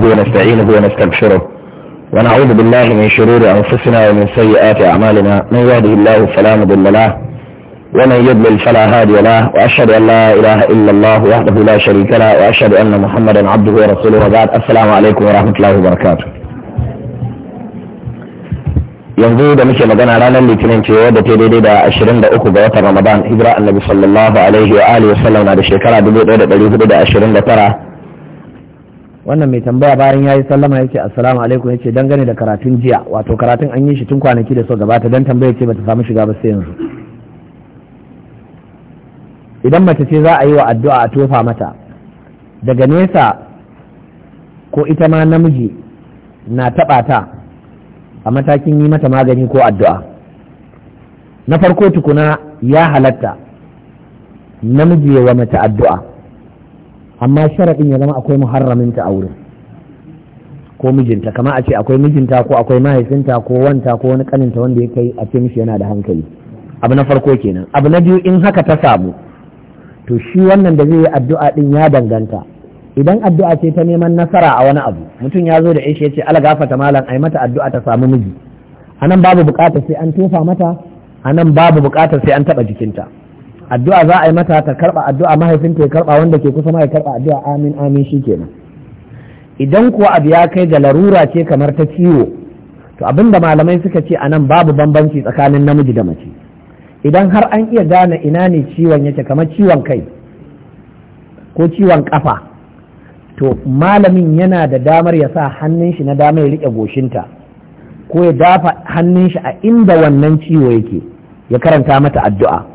نحمده ونستعينه ونستبشره ونعوذ بالله من شرور أنفسنا ومن سيئات أعمالنا من يهده الله فلا مضل له ومن يضلل فلا هادي له وأشهد أن لا إله إلا الله وحده لا شريك له وأشهد أن محمدا عبده ورسوله وبعد السلام عليكم ورحمة الله وبركاته yanzu da muke magana ranar litinin ce wadda ta daidai da 23 ga watan ramadan hijira annabi sallallahu alaihi wa alihi wasallam na da shekara 1429 wannan mai tambaya bayan ya yi sallama ya ce assalamu alaikum ya ce dangane da karatun jiya wato karatun an yi shi tun kwanaki da so gabata don tambaya ce bata samu shiga ba sai yanzu idan mace ce za a yi wa addu'a a tofa mata daga nesa ko ita ma namiji na taɓa ta a matakin yi mata magani ko addu'a na farko tukuna ya halatta namiji ya wa mace addu'a amma sharaɗin ya zama akwai muharraminta a wurin ko mijinta kama a ce akwai mijinta ko akwai mahaifinta ko wanta ko wani kaninta wanda ya kai a ce mishi yana da hankali abu na farko kenan abu na biyu in haka ta samu to shi wannan da zai yi addu'a din ya danganta idan addu'a ce ta neman nasara a wani abu mutum ya zo da ishe ce ala gafata malam ai mata addu'a ta samu miji anan babu bukata sai an tofa mata anan babu bukata sai an taba jikinta addu'a za a yi mata ta karba addu'a mahaifinta ya karba wanda ke kusa mai karba addu'a amin amin shikenan idan kuwa abu ya kai ga larura ce kamar ta ciwo to abinda malamai suka ce anan babu bambanci tsakanin namiji da mace idan har an iya gane ina ne ciwon yake kamar ciwon kai ko ciwon kafa to malamin yana da damar ya sa hannun shi na dama ya riƙe goshinta ko ya dafa hannun shi a inda wannan ciwo yake ya karanta mata addu'a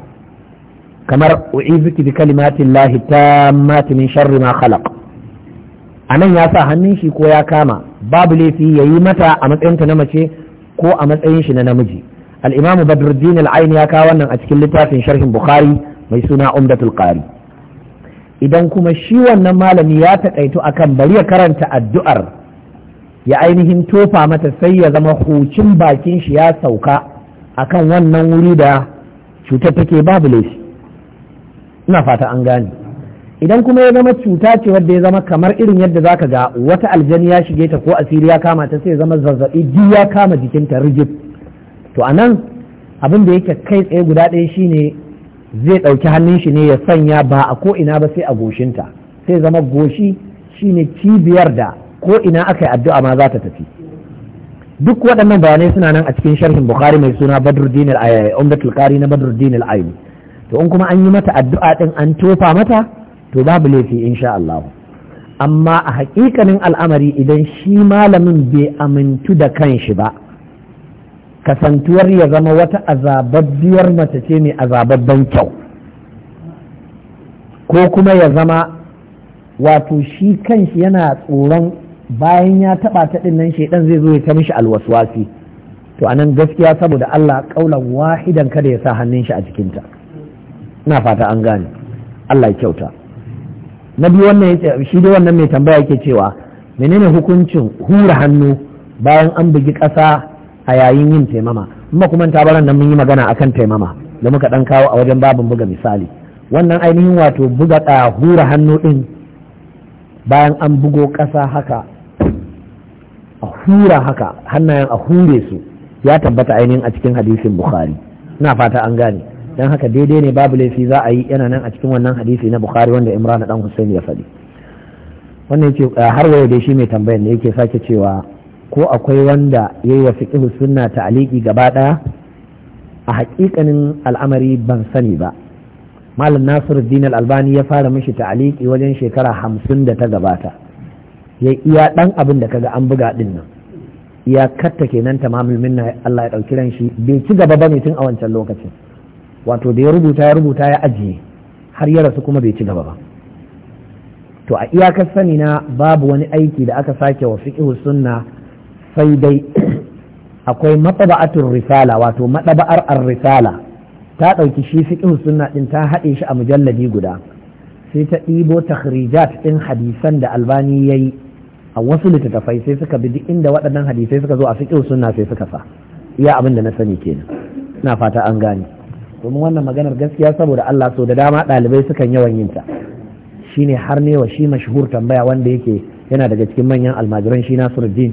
kamar u'izuki bi kalimatin lahi tammati min sharri ma khalaq anan ya sa hannun shi ko ya kama babu laifi yayi mata a matsayin ta na mace ko a matsayin shi na namiji al-imamu badruddin al ya kawo wannan a cikin littafin sharhin bukhari mai suna umdatul qari idan kuma shi wannan malami ya taƙaito akan bari ya karanta addu'ar ya ainihin tofa mata sai ya zama hucin bakin shi ya sauka akan wannan wuri da cutar take babu laifi ina fata an gane idan kuma ya zama cuta ce wadda ya zama kamar irin yadda zaka ga wata aljani ya shige ta ko asiri ya kama ta sai ya zama zazzabi ji ya kama jikinta rigid to anan abin da yake kai tsaye guda ɗaya shine zai ɗauki hannun shi ne ya sanya ba a ko ina ba sai a goshinta sai zama goshi shine cibiyar da ko ina aka yi addu'a ma za ta tafi duk waɗannan bayanai suna nan a cikin sharhin bukhari mai suna badruddin al-ayyi umdatul qari na badruddin al-ayyi to in kuma an yi mata addu'a din an tofa mata to babu laifi insha Allah amma a hakikanin al'amari idan shi malamin bai amintu da kanshi ba kasantuwar ya zama wata azababbiyar mace ce mai azababban kyau ko kuma ya zama wato shi kanshi yana tsoron bayan ya taba ta nan shaidan zai zo ya ta mishi alwaswasi to anan gaskiya saboda Allah kaulan wahidan kada ya sa hannun shi a cikinta ina fata an gane Allah ya kyauta na biyu wannan ya shi dai wannan mai tambaya yake cewa menene hukuncin hura hannu bayan an bugi ƙasa a yayin yin taimama kuma kuma tabaran nan mun yi magana akan taimama da muka dan kawo a wajen babin buga misali wannan ainihin wato buga ɗaya hura hannu ɗin bayan an bugo ƙasa haka a hura haka hannayen a hure su ya tabbata ainihin a cikin hadisin bukhari na fata an gane dan haka daidai ne babu laifi za a yi yana nan a cikin wannan hadisi na bukhari wanda imran dan Hussein ya faɗi wannan yake eh, har waye dai shi mai tambayar ne yake sake cewa ko akwai wanda yayi wa fiqhu sunna ta'liqi gaba daya a haƙiƙanin al'amari ban sani ba malam nasiru dinar albani ya fara mishi ta'aliki wajen shekara hamsin da ta gabata ya iya dan abin da kaga an buga din nan iya katta kenan tamamul minna Allah ya ɗauki ran shi bai ci gaba ba ne tun a wancan lokacin wato da ya rubuta ya rubuta ya ajiye har ya rasu kuma bai ci gaba ba to a iyakar sani na babu wani aiki da aka sake wa fiqh sunna sai dai akwai maɗaba'atun risala wato maɗaba'ar ar-risala ta ɗauki shi fiqh sunna ɗin ta haɗe shi a mujalladi guda sai ta ɗibo takhrijat ɗin hadisan da albani yayi a wasu littattafai sai suka bi duk inda waɗannan hadisai suka zo a fiqh sunna sai suka sa iya abin da na sani kenan ina fata an gane domin wannan maganar gaskiya saboda Allah so da dama ɗalibai sukan yawan yin ta shine har ne wa shi mashhur tambaya wanda yake yana daga cikin manyan almajiran shi surjin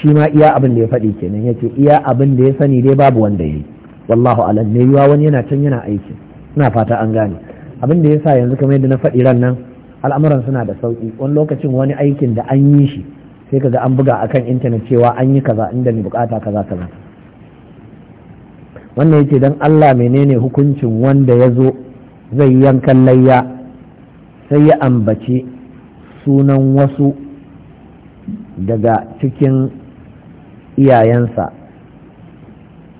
shi ma iya abin da ya faɗi kenan yace iya abin da ya sani dai babu wanda yi wallahu alam ne yiwa wani yana can yana aiki ina fata an gane abin da yasa yanzu kamar yadda na faɗi ran nan al'amuran suna da sauki wani lokacin wani aikin da an yi shi sai kaga an buga akan intanet cewa an yi kaza inda ni bukata kaza kaza wannan yake dan Allah menene hukuncin wanda ya zo zai yankan layya sai ya ambaci sunan wasu daga cikin iyayensa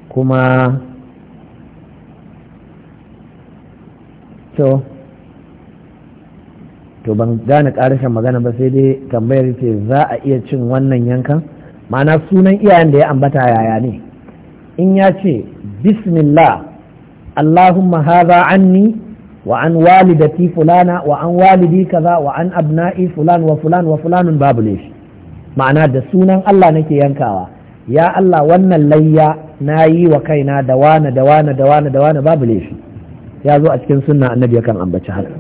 kuma to to ban gane karshen magana ba sai dai tambayar ce za a iya cin wannan yankan ma'ana sunan iyayen da ya ambata yaya ne in ya ce bismillah allahumma hadha anni wa an walidati fulana wa an walidi kaza wa an abna'i fulan wa fulan wa fulanun babu ne ma'ana da sunan Allah nake yankawa ya Allah wannan layya na yi wa kaina da wane da wane babu laifi ya zo a cikin sunna annabi yakan ambaci haka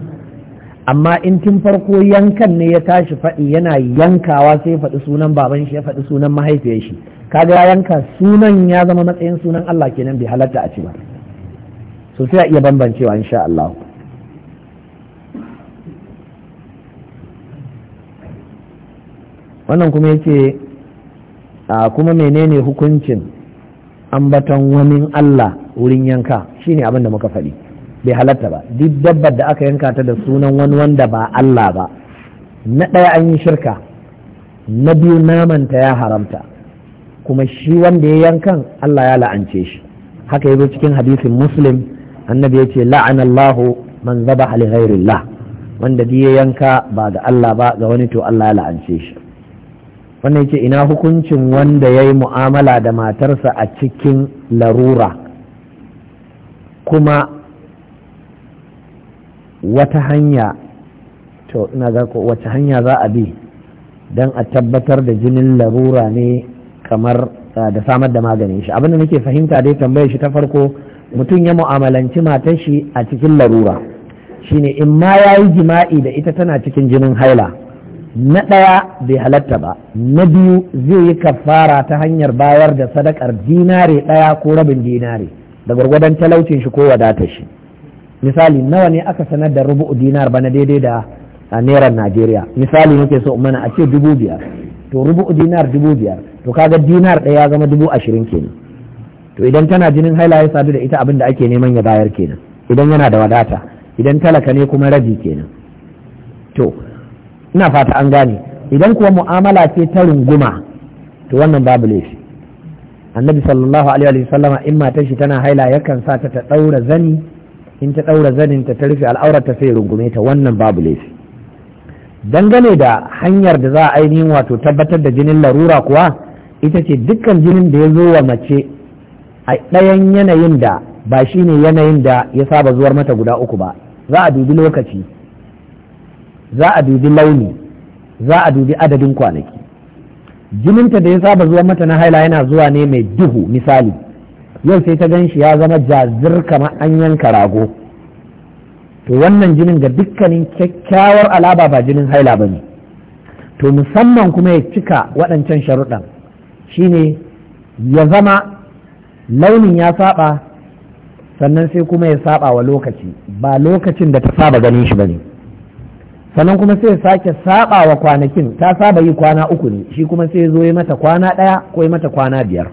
amma in tun farko yankan ne ya tashi faɗi yana yankawa sai faɗi sunan Babanshi, ya faɗi sunan mahaifiyar kaga ya yanka sunan ya zama matsayin sunan Allah kenan bai halatta a ci ba so sai a iya bambancewa insha Allah wannan kuma yake a kuma menene hukuncin ambaton wani Allah wurin yanka shine abin da muka faɗi bai halatta ba duk dabbar da aka yanka ta da sunan wani wanda ba Allah ba na ɗaya an yi shirka na biyu namanta ya haramta kuma shi wanda ya yankan Allah ya la'ance shi haka yazo cikin hadisin muslim annabi ya ce la'anallahu man zabaha li ghairillah wanda ya yanka ba ga Allah ba ga wani to Allah ya la'ance shi wannan yace ina hukuncin wanda ya mu'amala da matarsa a cikin larura kuma wata hanya to ina ga wace hanya za a bi don a tabbatar da jinin larura ne kamar ah, da samar da maganin shi abinda nake fahimta dai tambayar shi ta farko mutum ya mu'amalanci matar shi a cikin larura shine in ma ya yi jima'i da ita tana cikin jinin haila na ɗaya bai halatta ba na biyu zai yi kafara ta hanyar bayar da sadakar dinare ɗaya ko rabin dinare da gwargwadon talaucin shi ko wadatar shi misali nawa ne aka sanar da rubu'u dinar ba na daidai da a ah, naira najeriya misali nake so mana a ce dubu biyar to rubu'u dinar dubu biyar to kaga dinar ɗaya ya zama dubu ashirin kenan to idan tana jinin haila ya sadu da ita abin da ake neman ya bayar kenan idan yana da wadata idan talaka ne kuma rabi kenan to ina fata an gane idan kuwa mu'amala ce ta runguma to wannan babu laifi annabi sallallahu alaihi sallama in matar shi tana haila yakan sa ta ta daura zani in ta daura zanin ta ta rufe al'aurar ta sai rungume ta wannan babu laifi dangane da hanyar da za a ainihin wato tabbatar da jinin larura kuwa ita ce dukkan jinin da ya zo wa mace a ɗayan yanayin da ba shi ne yanayin da ya saba zuwar mata guda uku ba za a dubi lokaci za a dubi launi za a dubi adadin kwanaki jininta da ya saba zuwa mata na haila yana zuwa ne mai duhu misali yau sai ta gan shi ya zama jazir kamar an yanka rago to wannan jinin ga dukkanin kyakkyawar alaba ba jinin haila ba ne to musamman kuma ya cika waɗancan sharuɗan shine ya zama launin ya saɓa sannan sai kuma ya saba wa lokaci ba lokacin da ta saba ganin shi ba ne sannan kuma sai ya sake saba wa kwanakin ta saba yi kwana uku ne shi kuma sai zo ya mata kwana ɗaya ko yi mata kwana biyar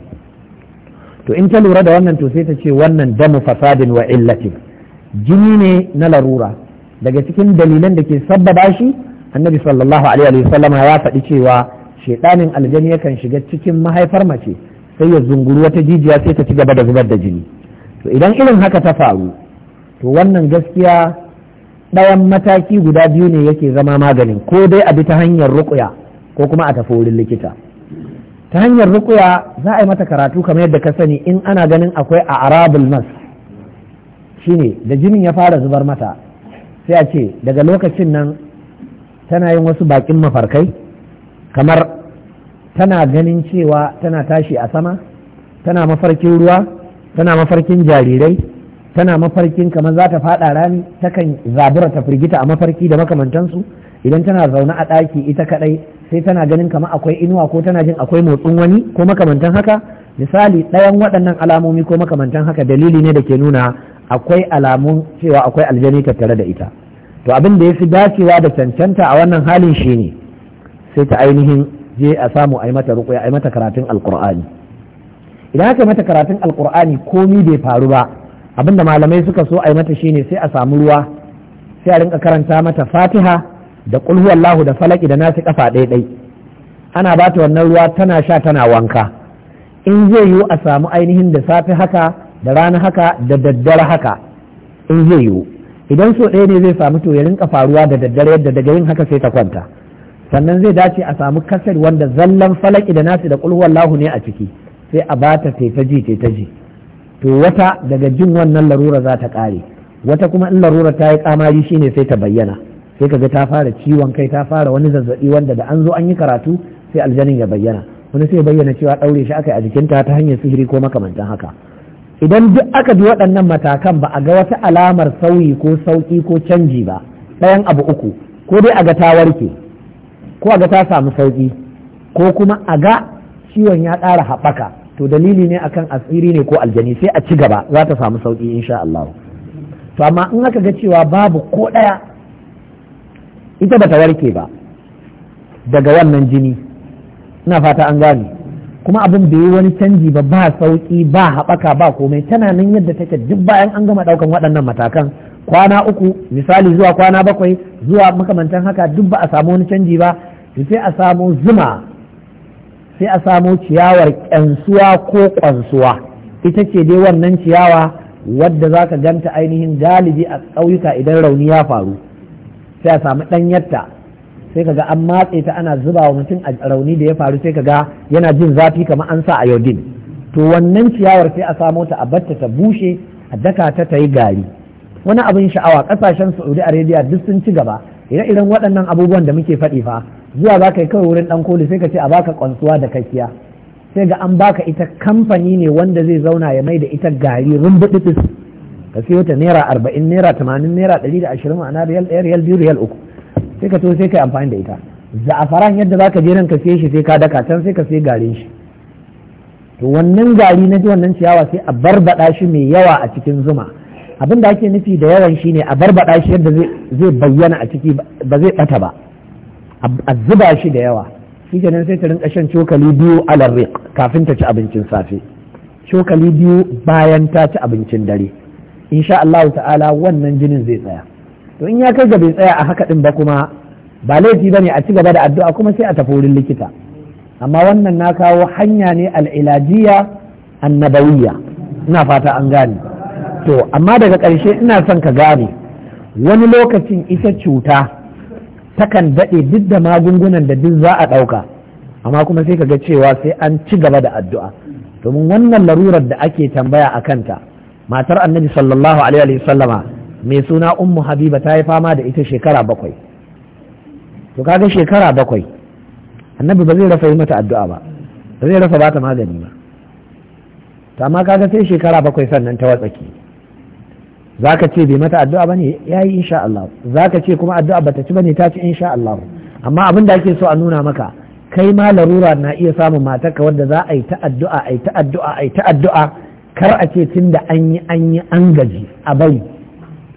to in ta lura da wannan to sai ta ce wannan damu fasadin wa illatin jini ne na larura daga cikin dalilan da ke sabbaba shi annabi sallallahu alaihi ya faɗi cewa shedanin aljani yakan shiga cikin mahaifar mace sai ya zunguru wata jijiya sai ta ci gaba da zubar da jini to idan irin haka ta faru to wannan gaskiya ɗayan mataki guda biyu ne yake zama maganin ko dai a bi ta hanyar rukuya ko kuma a tafi wurin likita ta hanyar rukuya za a yi mata karatu kamar yadda ka sani in ana ganin akwai a arabul nas Shi ne da jinin ya fara zubar mata sai a ce daga lokacin nan tana yin wasu bakin mafarkai kamar tana ganin cewa tana tashi a sama tana mafarkin ruwa tana mafarkin jarirai tana mafarkin kamar za ta faɗa rami takan zabura ta firgita a mafarki da makamantansu idan tana zaune a ɗaki ita kaɗai sai tana ganin kamar akwai inuwa ko tana jin akwai motsin wani ko makamantan haka misali ɗayan waɗannan alamomi ko makamantan haka dalili ne da ke nuna akwai alamun cewa akwai aljani tattare da ita to abin da ya fi dacewa da cancanta a wannan halin shi ne, sai ta ainihin je a samu a yi mata ruƙuya a yi mata karatun alƙur'ani idan aka yi mata karatun alkur'ani komi bai faru ba abin da malamai suka so a yi mata shine sai a samu ruwa sai a rinka karanta mata fatiha da kulhu Allahu da falaki da nasi kafa ɗaiɗai ana bata wannan ruwa tana sha tana wanka in zai yiwu a samu ainihin da safe haka da rana haka da daddare haka in zai yiwu idan so ɗaya ne zai samu to ya rinka faruwa da daddare yadda daga yin haka sai ta kwanta sannan zai dace a samu kasar wanda zallan falaki da nasu da lahu ne a ciki sai a bata ta ji ta ji to wata daga jin wannan larura za ta ƙare wata kuma in larura ta yi kamari shine sai ta bayyana sai kaga ta fara ciwon kai ta fara wani zazzabi wanda da an zo an yi karatu sai aljanin ya bayyana wani sai bayyana cewa ɗaure shi aka yi a jikinta ta hanyar sihiri ko makamantan haka idan duk aka bi waɗannan matakan ba a ga wata alamar sauyi ko sauƙi ko canji ba ɗayan abu uku ko dai a ga ta warke ko a ga ta samu sauƙi ko kuma a ga ciwon ya ƙara haɓaka to dalili ne akan asiri ne ko aljani sai a ci gaba za ta samu sauƙi insha Allah to amma in aka ga cewa babu ko ɗaya ita bata warke ba daga wannan jini ina fata an gane kuma abin da yi wani canji ba ba sauki ba haɓaka ba komai tana nan yadda take duk bayan an gama ɗaukan waɗannan matakan kwana uku misali zuwa kwana bakwai zuwa makamantan haka duk ba a samu wani canji ba sai a samu zuma sai a samu ciyawar ƙyansuwa ko ƙwansuwa ita ce dai wannan ciyawa wadda za ka ganta ainihin galibi a ƙauyuka idan rauni ya faru sai a samu ɗanyarta sai ka ga an matse ta ana zuba wa mutum a rauni da ya faru sai ga yana jin zafi kamar an sa a yaudin. to wannan ciyawar sai a samo ta a batta ta bushe a daka ta ta yi gari wani abin sha'awa kasashen saudi arabia duk sun ci gaba ire-iren waɗannan abubuwan da muke faɗi fa zuwa za ka yi kawai wurin ɗan koli sai ka ce a baka kwansuwa da kakiya sai ga an baka ita kamfani ne wanda zai zauna ya mai da ita gari rumbuɗiɗis ka siyo ta naira arba'in naira tamanin naira ɗari da ashirin ma'ana riyal ɗaya riyal biyu riyal uku sai ka to sai kai amfani da ita za'afaran yadda za ka je nan ka siye shi sai ka daka can sai ka siye garin shi to wannan gari na ji wannan ciyawa sai a barbada shi mai yawa a cikin zuma abin da ake nufi da yawan shi ne a barbada shi yadda zai bayyana a ciki ba zai bata ba a zuba shi da yawa shi kenan sai ta rinka shan cokali biyu alar kafin ta ci abincin safe cokali biyu bayan ta ci abincin dare insha Allah ta'ala wannan jinin zai tsaya to in ya kai ga bai tsaya a haka din ba kuma ba laifi ba ne a ci gaba da addu'a kuma sai a tafi wurin likita amma wannan na kawo hanya ne al'ilajiya annabawiya ina fata an gane to amma daga ƙarshe ina son ka gane wani lokacin ita cuta takan daɗe duk da magungunan da duk za a ɗauka amma kuma sai ka ga cewa sai an ci gaba da addu'a domin wannan larurar da ake tambaya a kanta matar annabi sallallahu alaihi wa mai suna ummu habiba ta yi fama da ita shekara bakwai to kaga shekara bakwai annabi ba zai rasa yi mata addu'a ba ba zai rasa bata magani ba to amma kaga sai shekara bakwai sannan ta watsaki ka ce bai mata addu'a ba ne? Ya yi insha Allah ka ce kuma addu'a ba ta ci ba ne? ta ci insha Allah amma abin da ake so a nuna maka kai ma larura na iya samun matarka wadda za a yi ta addu'a a yi ta addu'a a yi ta addu'a kar a ce tunda an yi an yi an gaji a bari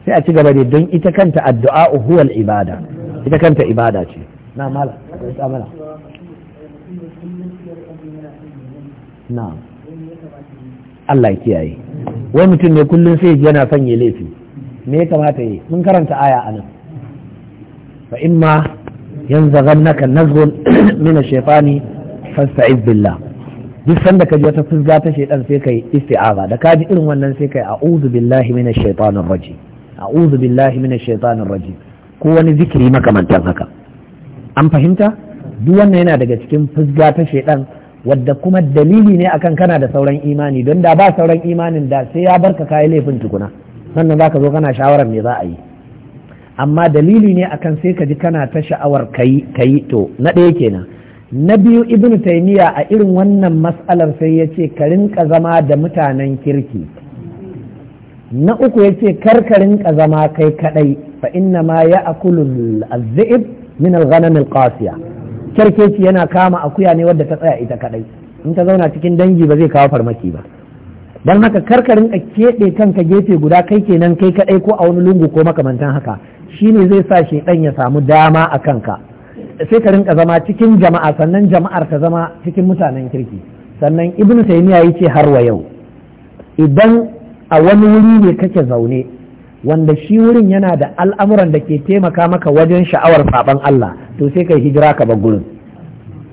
sai a ci gaba da don ita kanta addu'a huwal ibada ita kanta ibada ce na mala ta mala na Allah ya kiyaye wai mutum ne kullum sai yana son ya laifi me ya kamata yi mun karanta aya a nan fa imma yanzaghannaka nazghun min ash-shaytani fasta'iz billah duk sanda ka ji wata fuzga ta shaidan sai kai isti'aza da ka ji irin wannan sai kai a'udhu billahi minash shaitanir rajim a'udhu billahi minash shaitanir rajim ko wani zikiri makamantan haka an fahimta duk wannan yana daga cikin fusga ta shaidan wadda kuma dalili ne akan kana da sauran imani don da ba sauran imanin da sai ya barka kayi laifin tukuna sannan zaka zo kana shawarar me za a yi amma dalili ne akan sai ka ji kana ta sha'awar kayi kayi to na ɗaya kenan na biyu ibnu taymiya a irin wannan mas'alar sai yace ka rinka zama da mutanen kirki na uku ya ce karkarin zama kai kaɗai. fa inna ma ya akulu azzi'ib min al-ghanam al-qasiya kerkeci yana kama akuya ne wadda ta tsaya ita kadai in ta zauna cikin dangi ba zai kawo farmaki ba don haka karkarin a keɓe kanka gefe guda kai kenan kai kaɗai ko a wani lungu ko makamantan haka shine zai sa shedan ya samu dama a kanka sai ka rinka zama cikin jama'a sannan jama'ar ta zama cikin mutanen kirki sannan ibn taymiya yace har wa yau idan a wani wuri ne kake zaune wanda shi wurin yana da al'amuran da ke taimaka maka wajen sha'awar faɓan Allah to sai kai hijira ka bar gurin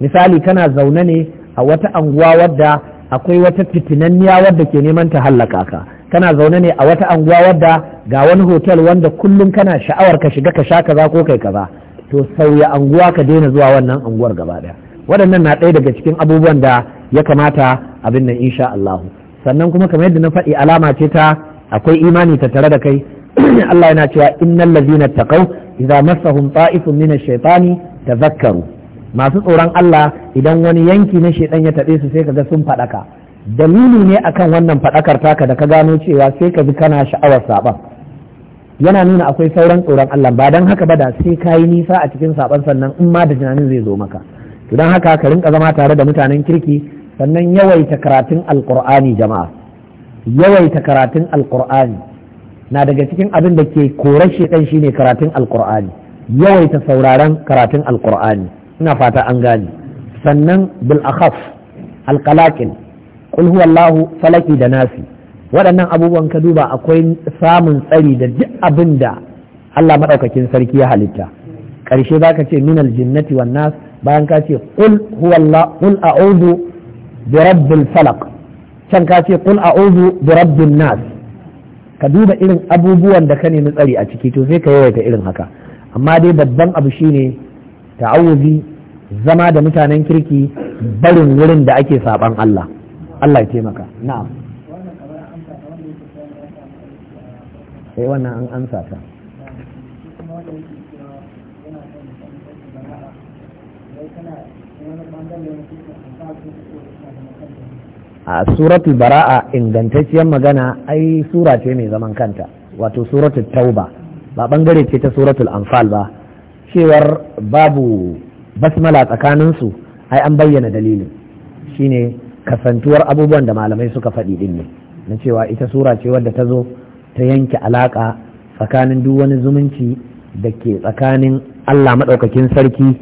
misali kana zaune ne a wata anguwa wadda akwai wata fitinanniya wadda ke neman ta hallaka ka kana zaune ne a wata anguwa wadda ga wani hotel wanda kullum kana sha'awar ka shiga ka sha kaza ko kai kaza to sauya anguwa ka daina zuwa wannan anguwar gaba daya waɗannan na ɗaya daga cikin abubuwan da ya kamata abin nan insha Allahu sannan kuma kamar yadda na faɗi alama ce ta akwai imani ta tare da kai Allah yana cewa innal ladzina taqaw idza massahum ta'ifun min ash-shaytani tadhakkaru masu tsoron Allah idan wani yanki na shaitan ya taɓe su sai kaga sun faɗaka dalili ne akan wannan faɗakar taka da ka gano cewa sai ka ji kana sha'awar saban yana nuna akwai sauran tsoron Allah ba dan haka ba da sai kayi nisa a cikin saban sannan in ma da tunanin zai zo maka to dan haka ka rinka zama tare da mutanen kirki sannan yawaita karatun alkur'ani jama'a yawaita karatun alkur'ani na daga cikin abin da ke kore shi shine karatun alkur'ani yawaita sauraron karatun alkur'ani ina fata an gane sannan bil akhaf alqalaqil qul huwallahu falaki da nasi waɗannan abubuwan ka duba akwai samun tsari da duk abin da Allah maɗaukakin sarki ya halitta ƙarshe zaka ka ce minal jinnati wan nas bayan ka ce qul huwallahu qul a'udhu bi falak can ka ce qul a bi rabbin nas ka duba irin abubuwan da ka nemi tsari a ciki to sai ka yawaita irin haka amma dai babban abu shine ta'awuzi zama da mutanen kirki barin wurin da ake saban Allah Allah ya taimaka na'am sai eh, wannan an amsa ta a suratul bara'a ingantacciyar magana ai sura ce mai zaman kanta wato suratul tauba ba bangare ce ta suratul anfal ba cewar babu basmala tsakanin su ai an bayyana dalilin shine kasantuwar abubuwan da malamai suka faɗi din ne na cewa ita sura ce wadda ta zo ta yanke alaƙa tsakanin duk wani zumunci da ke tsakanin Allah maɗaukakin sarki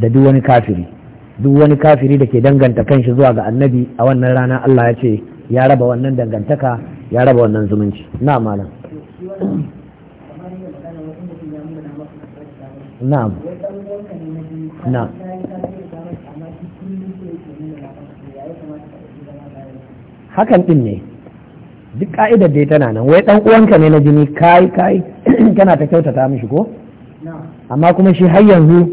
da duk wani kafiri duk wani kafiri da ke danganta kanshi zuwa ga annabi a wannan rana Allah ya ce ya raba wannan dangantaka ya raba wannan zumunci na malam na'am hakan din ne duk ka'idar ya tana nan wai dan uwanka ne na jini kai kai kana ta kyautata mishi ko amma kuma shi har yanzu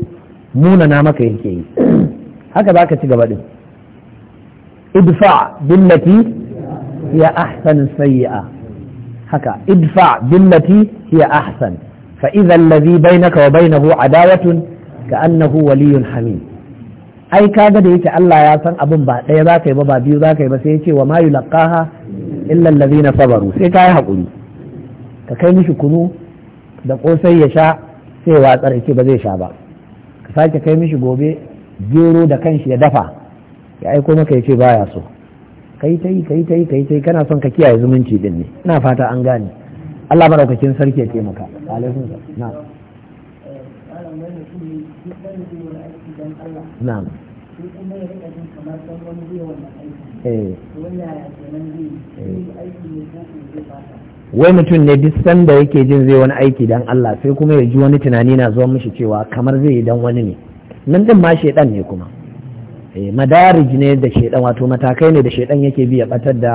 muna na maka yake yi haka za ka ci gaba din idfa billati ya ahsan sayyi'a haka idfa billati ya ahsan fa idha alladhi bainaka wa bainahu adawatun ga annahu waliyyun hamim ai kaga da yake Allah ya san abin ba ɗaya za ka yi ba ba biyu za ka yi ba sai yace wa wa ma yulqaha illa alladhina sabaru sai ka yi hakuri ka kai mishi kunu da kosai ya sha sai watsar ce ba zai sha ba ka sake kai mishi gobe gero da kanshi ya dafa ya aiko maka ya ce baya so kai ta yi kai ta yi kai ta yi kana son ka kiyaye zumunci din ne ina fata an gane Allah madaukakin sarki ya taimaka alaikum na eh. eh. wai mutum ne duk sanda yake jin zai wani aiki dan Allah sai kuma ya ji wani tunani na zuwa mishi cewa kamar zai yi dan wani ne nan din ma shaidan ne kuma eh, madarij ne da shaidan wato matakai ne da shaiɗan yake biya batar da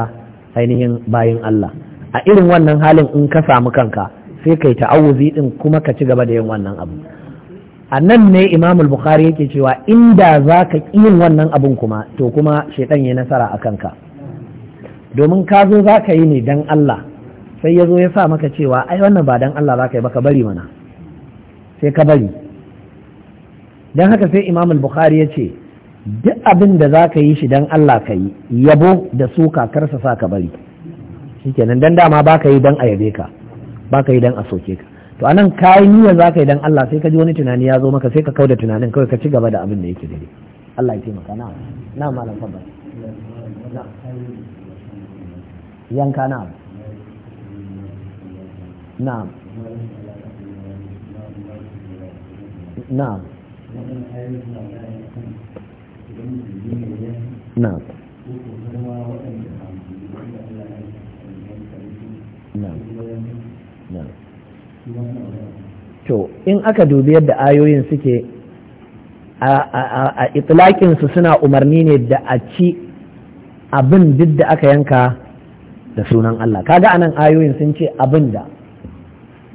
ainihin bayin Allah a irin wannan halin in ka samu kanka sai kai ta'awuzi din kuma ka ci gaba da yin wannan abu a nan ne Imamul bukhari yake cewa inda za ka yin wannan abun kuma to kuma shaiɗan ya nasara a kanka domin ka zo za ka yi ne dan Allah sai ya zo ya sa maka cewa ai wannan ba dan Allah za ka yi ba ka bari mana sai ka bari don haka sai imam bukhari ya ce duk abin da za ka yi shi don Allah ka yi yabo da su kakarsa sa ka bari shikenan don dama ba ka yi don a yabe ka ba ka yi don a soke ka to anan ka yi niyyar za ka yi don Allah sai ka ji wani tunani ya zo maka sai ka kauda tunanin kawai ka ci gaba da abin da yake dare. Allah ya taimaka na na malam fadda yanka na na na'am to in aka dubi yadda ayoyin suke a itlaƙinsu suna umarni ne da a ci abin duk da aka yanka da sunan Allah kaga anan ayoyin sun ce abin da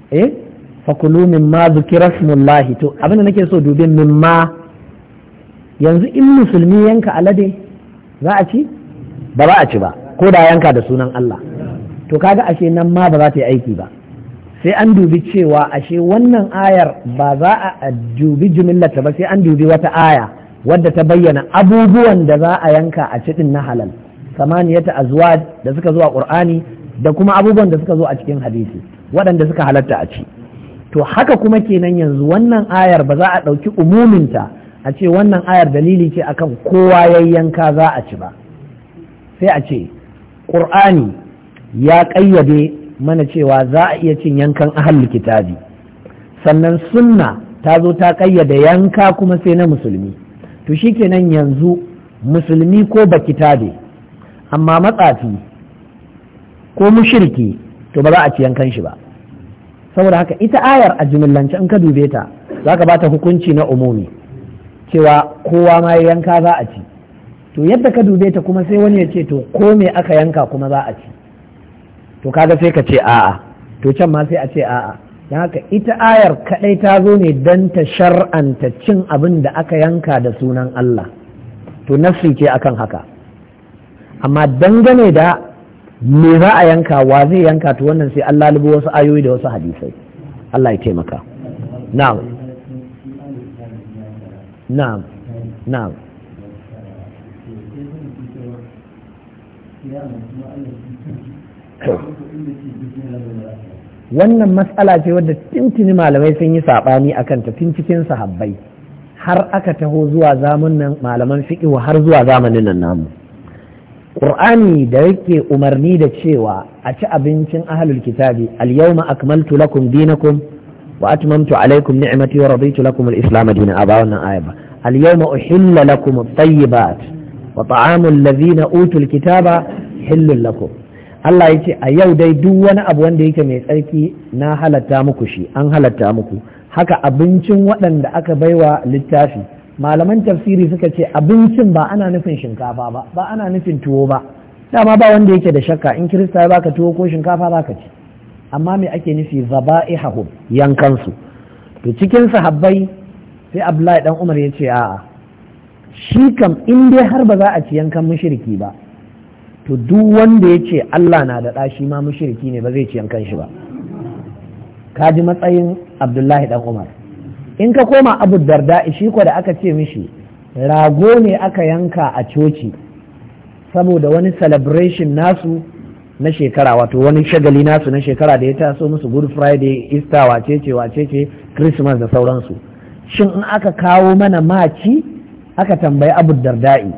eh fakulu ma zikira smullahi to abinda nake so min ma yanzu in musulmi yanka alade za a ci ba za a ci ba ko da yanka da sunan Allah to kaga ashe nan ma ba za ta yi aiki ba sai an dubi cewa ashe wannan ayar ba za a dubi jimillata ba sai an dubi wata aya wadda ta bayyana abubuwan da za a yanka a cikin na halal samaniyata azwaj da suka zo a qur'ani da kuma abubuwan da suka zo a cikin hadisi waɗanda suka halatta a ci to haka kuma kenan yanzu wannan ayar ba za a ɗauki umuminta a ce wannan ayar dalili ce akan kowa yayyanka za a ci ba sai a ce ƙur'ani ya ƙayyade mana cewa za a iya cin yankan ahal kitabi sannan sunna ta zo ta ƙayyade yanka kuma sai na musulmi to shi kenan yanzu musulmi ko ba kitabe amma matsafi ko mushirki to ba za a ci yankan shi ba saboda haka ita ayar a jimillance in ka dube ta za ka bata hukunci na umumi cewa kowa ma yanka za a ci to yadda ka dube ta kuma sai wani ya ce to ko me aka yanka kuma za a ci to kaga sai ka ce a'a to can ma sai a ce a'a don haka ita ayar kadai ta zo ne don ta shar'anta cin abin da aka yanka da sunan Allah to nafsi ce akan haka amma dangane da me za a yanka wa zai yanka to wannan sai Allah lubu wasu ayoyi da wasu hadisai Allah ya taimaka na'am na'am na'am wannan matsala ce wadda tintini malamai sun yi saɓani a kanta tun cikin sahabbai har aka taho zuwa zamanin malaman wa har zuwa zamanin nan namu ƙur'ani da yake umarni da cewa a ci abincin ahalul kitabi al-yawma akmaltu lakum dinakum wa atmamtu alaykum ni'mati wa raditu lakum al-islam dinan a wannan aya ba al-yawma uhilla lakum at-tayyibat wa ta'amu alladhina utul kitaba lakum Allah ya ce a yau dai duk wani abu wanda yake mai tsarki na halatta muku shi an halatta muku haka abincin waɗanda aka baiwa littafi malaman tafsiri suka ce abincin ba ana nufin shinkafa ba ba ana nufin tuwo ba dama ba wanda yake da shakka in kirista ya baka tuwo ko shinkafa baka ci amma me ake nufi zaba'ihahum yankansu to cikin sahabbai sai abdullahi dan umar ya ce a'a shi kam in dai har ba za a ci yankan mushriki ba to duk wanda ya ce Allah na da ɗa ma mushriki ne ba zai ci yankan shi ba kaji matsayin abdullahi dan umar in ka koma abu darda shi ko da aka ce mishi rago ne aka yanka a coci saboda wani celebration nasu na shekara wato wani shagali nasu na shekara da ya taso musu good friday easter wacece wacece christmas da sauransu shin in aka kawo mana maci aka tambayi abu darda'i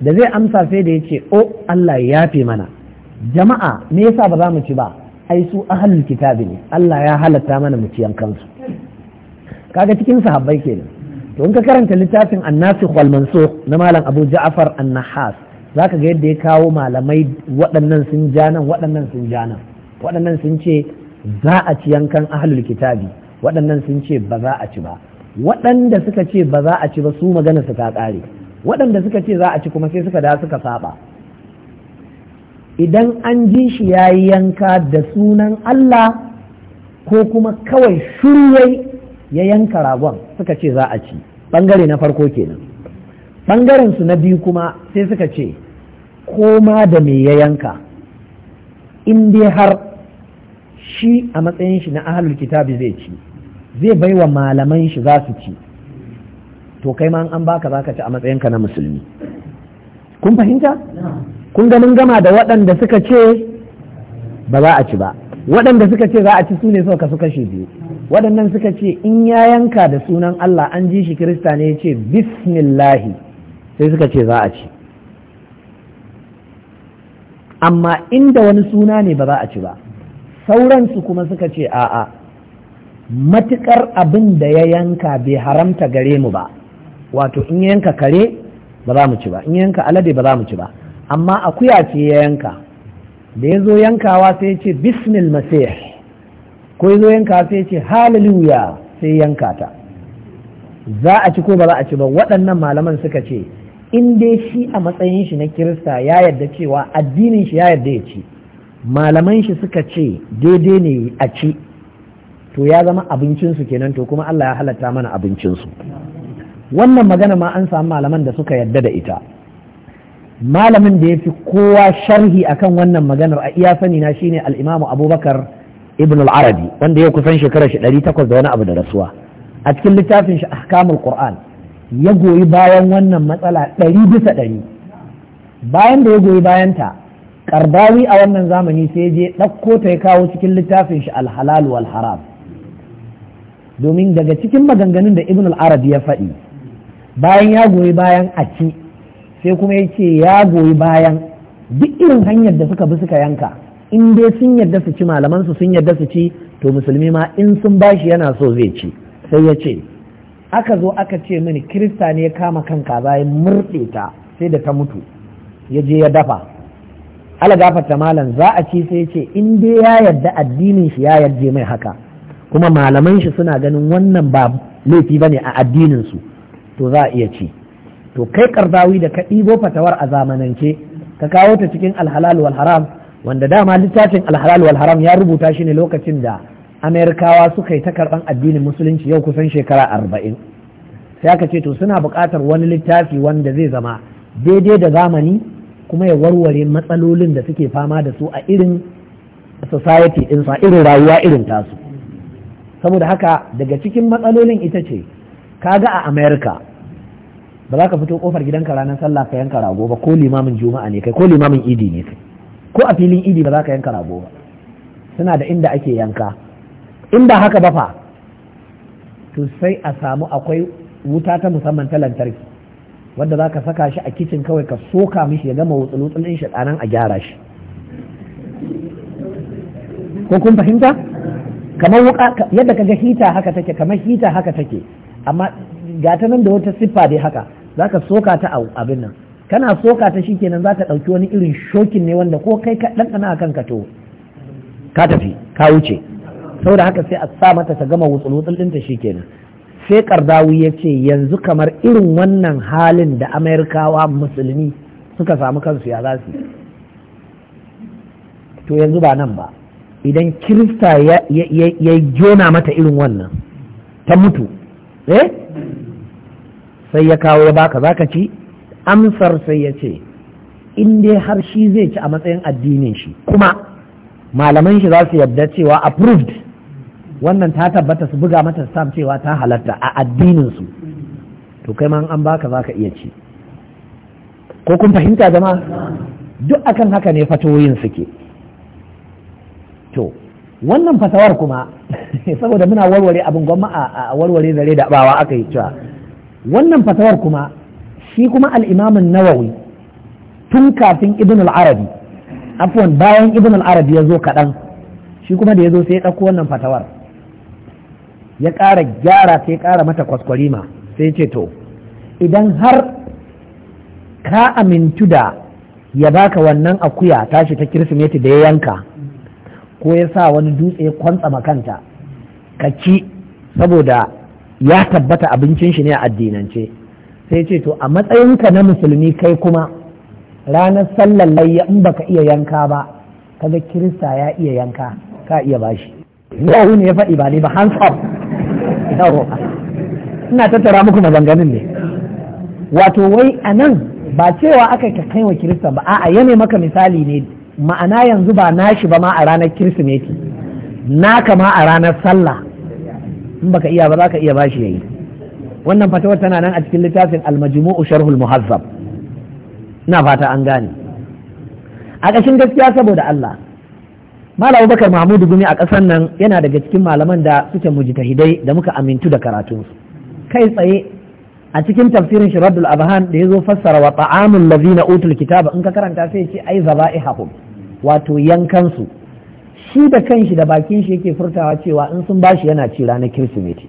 da zai amsa sai da ya ce o oh, allah ya yafe mana jama'a me yasa ba za mu ci ba ai su ahalul kitabi ne allah ya halatta mana mu ci yankansu kaga cikin sahabbai kenan to in ka karanta littafin annasikh wal na malam abu afar annahas za zaka ga yadda ya kawo malamai waɗannan sun ja nan waɗannan sun ja nan waɗannan sun ce za a ci yankan ahlul kitabi waɗannan sun ce ba za a ci ba waɗanda suka ce ba za a ci ba su magana su ta ƙare waɗanda suka ce za a ci kuma sai suka da suka saba idan an ji shi ya yi yanka da sunan Allah ko kuma kawai shuryai ya yanka ragon suka ce za a ci bangare na farko kenan bangaren su na biyu kuma sai suka ce koma da me ya yanka in dai har shi a matsayin shi na ahalul kitabi zai ci zai baiwa malaman shi za su ci to kai ma an baka za ka ci a matsayinka na musulmi kun fahimta kun ga mun gama da waɗanda suka ce ba za a ci ba waɗanda suka ce za a ci su ne suka kashe biyu waɗannan suka ce in ya yanka da sunan Allah an ji shi kirista ne ya ce bismillahi sai suka ce za a ci amma inda wani suna ne ba za a ci ba sauransu kuma suka ce a'a matukar abin da ya yanka bai haramta gare mu ba wato in yanka kare ba za mu ci ba in yanka alade ba za mu ci ba amma akuya ce ya yanka da ya zo yankawa sai ce bismil masih ko ya zo yankawa sai ce haliluya sai yanka ta za a ci ko ba za a ci ba waɗannan malaman suka ce in dai shi a matsayin shi na kirista ya yarda cewa addinin shi ya yarda ya ci malaman shi suka ce daidai ne a ci to ya zama abincinsu kenan to kuma Allah ya halatta mana abincinsu wannan magana ma an samu malaman da suka yarda da ita malamin da ya fi kowa sharhi akan wannan maganar a iya sani na shine al-imamu abubakar ibn al-arabi wanda ya kusan shekarar shi ɗari takwas da wani abu da rasuwa a cikin littafin shi ahkamul qur'an ya goyi bayan wannan matsala ɗari bisa ɗari bayan da ya goyi bayanta karbawi a wannan zamani sai ya je ɗauko ta ya kawo cikin littafin shi al-halal wal haram domin daga cikin maganganun da ibn al-arabi ya faɗi bayan ya goyi bayan a ci sai kuma ya ce ya goyi bayan duk irin hanyar da suka bi suka yanka in dai sun yarda su ci malaman su sun yarda su ci to musulmi ma in sun bashi yana so zai ci sai ya ce aka zo aka ce mini kirista ne ya kama kan kaza ya murɗe ta sai da ta mutu ya je ya dafa ala gafarta malam za a ci sai ya ce in dai ya yarda addinin shi ya yarda mai haka kuma malaman shi suna ganin wannan ba laifi bane a addinin su to za a iya ci to kai karzawi da ka ɗibo fatawar a zamanance ka kawo ta cikin alhalal wal haram wanda dama littafin alhalal wal haram ya rubuta shi ne lokacin da amerikawa suka yi ta addinin musulunci yau kusan shekara arba'in sai aka ce to suna buƙatar wani littafi wanda zai zama daidai da zamani kuma ya warware matsalolin da suke fama da su a irin society din sa irin rayuwa irin tasu saboda haka daga cikin matsalolin ita ce kaga a amerika ba za ka fito kofar gidanka ranar sallah ka yanka rago ba ko limamin juma'a ne kai ko limamin idi ne kai ko a filin idi ba za ka yanka rago ba suna da inda ake yanka inda haka ba fa to sai a samu akwai wuta ta musamman ta lantarki wadda za ka saka shi a kicin kawai ka soka mishi ya gama wutsulutsul ɗin shi a gyara shi ko kun fahimta kamar wuka yadda kaga hita haka take kamar hita haka take amma gata nan da wata siffa dai haka za ka soka ta abin nan kana soka ta shi kenan za ka ɗauki wani irin shokin ne wanda ko kai ka ɗanɗana a kanka to ka tafi ka wuce saboda haka sai a sa mata ta gama wutsul-wutsul ɗinta shi kenan sai kardawi ya ce yanzu kamar irin wannan halin da amerikawa musulmi suka samu kansu ya za to yanzu ba nan ba idan kirista ya jona mata irin wannan ta mutu eh sai ya kawo ya baka zaka ci amsar sai ya ce in dai har shi zai ci a matsayin addinin shi kuma malaman shi za su yarda cewa approved wannan ta tabbata su buga mata stamp cewa ta halatta a addinin su to kai ma an baka zaka iya ci ko kun fahimta jama'a duk akan haka ne fatoyin suke to wannan fasawar kuma saboda muna warware abin gwamma a warware zare da bawa aka yi cewa wannan fatawar kuma shi kuma al'imamin nawawi tun kafin ibn al-arabi afwan bayan ibn al-arabi ya zo kaɗan shi kuma da ya zo sai ya ɗauko wannan fatawar ya ƙara gyara sai ya ƙara mata kwaskwarima sai ce to idan har ka amintu da ya baka wannan akuya tashi ta kirsimeti da ya yanka ko ya sa wani dutse ya kwantsa makanta ka ci saboda ya tabbata abincin shi ne a addinance sai ce to a matsayinka na musulmi kai kuma ranar sallar layya in baka iya yanka ba kaga kirista ya iya yanka ka iya bashi yau ne ya faɗi ba ne ba hands up ina tattara muku maganganun ne wato wai a nan ba cewa aka ka kai wa kirista ba a'a ya maka misali ne ma'ana yanzu ba nashi ba ma a ranar kirsimeti naka ma a ranar sallah in baka iya ba za ka iya ba bashi yayi wannan fatawar tana nan a cikin littafin al-majmu'u sharhul muhazzab ina fata an gane a kashin gaskiya saboda Allah Malam Bakar Mahmudu Gumi a ƙasar nan yana daga cikin malaman da suke mujtahidai da muka amintu da karatunsu kai tsaye a cikin tafsirin Shiraddul Abhan da yazo fassara wa ta'amul ladina utul kitaba in ka karanta sai ce ai zaba'ihum wato yankan su shi da kanshi da bakin shi yake furtawa cewa in sun bashi yana ci ranar kirsimeti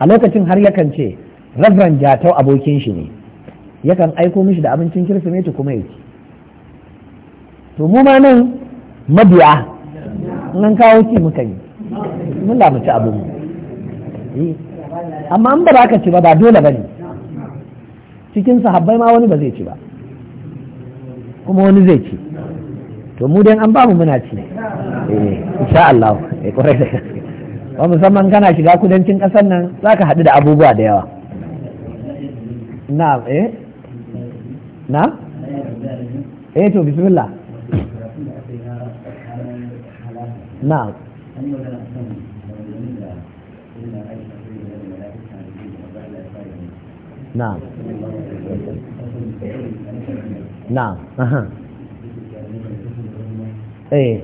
a lokacin har yakan ce rabran jatau abokin shi ne yakan aiko mishi da abincin kirsimeti kuma ya ci to mu ma nan mabiya nan kawo ci muka yi mun da lamuci abin eh, amma an ba za ka ci ba ba dole ba ne cikin sahabbai ma wani ba zai ci ba kuma wani zai ci to mu dai an babu muna ci Eh, insha Allah ya eh, da gaske ba musamman kana shiga kudancin kasar nan za ka haɗu da abubuwa da yawa na eh na eh to bismillah na na na eh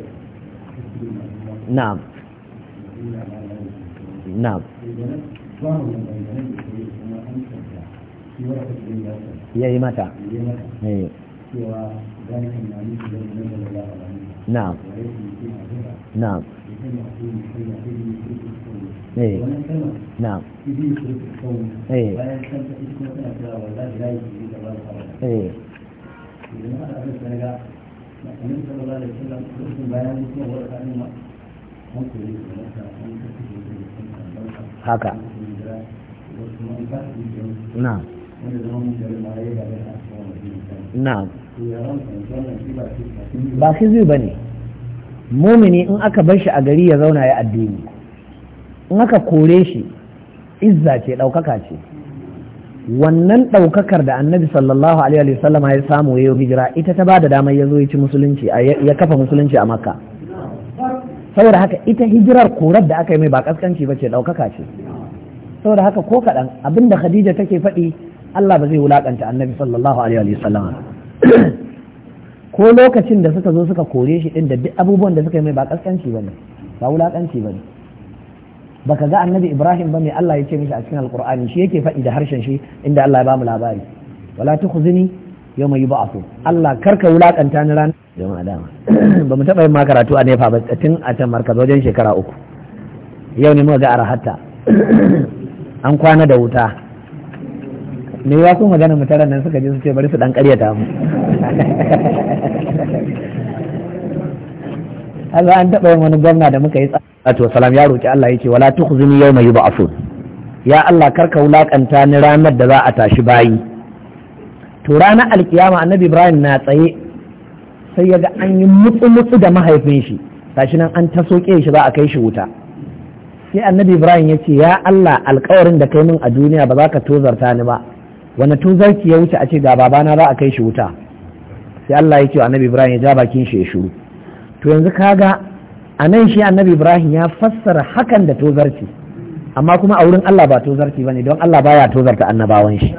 na'am na'am ya yi mata na'am na'am na'am eh haka na ba shi zai ba ne mumini in aka bar shi a gari ya zauna ya addini in aka kore shi izza ce ɗaukaka ce wannan ɗaukakar da annabi sallallahu alaihi wasallama ya samu ya hijira ita ta ba da damar ya zo ya ci musulunci ya kafa musulunci a makka saboda haka ita hijirar korar da aka yi mai ba kaskanci ba ce daukaka ce saboda haka ko kaɗan abinda khadija take faɗi Allah ba zai wulakanta annabi sallallahu alaihi wa ko lokacin da suka zo suka kore shi ɗin da duk abubuwan da suka yi mai ba kaskanci ba ne ba ba ne baka ga annabi ibrahim ba mai Allah ya ce mishi a cikin alqur'ani shi yake faɗi da harshen shi inda Allah ya ba mu labari wala tukhzini yau mai yi ba so Allah karka wulakanta ni ran jama'a dama ba mu taɓa yin makaratu a nefa ba tun a can markaz wajen shekara uku yau ne muka ga arahatta an kwana da wuta me ya ku magana mu taran nan suka je su ce bari su dan ƙaryata mu Allah an taɓa yin wani gwamna da muka yi tsatu salam ya roƙi Allah ce wala tukhzini yawma yub'asun ya Allah karka wulakanta ni ranar da za a tashi bayi to ranar alkiyama annabi ibrahim na tsaye sai ya ga an yi mutsu-mutsu da mahaifin shi gashi nan an ta soke shi za a kai shi wuta sai annabi ibrahim ya ce ya allah alkawarin da kai min a duniya ba za ka tozarta ni ba wani tozarki ya wuce a ce ga babana za a kai shi wuta sai allah ya ce annabi ibrahim ya ja bakin shi ya shuru to yanzu kaga a nan shi annabi ibrahim ya fassara hakan da tozarci amma kuma a wurin allah ba tozarci ne don allah baya tozarta annabawan shi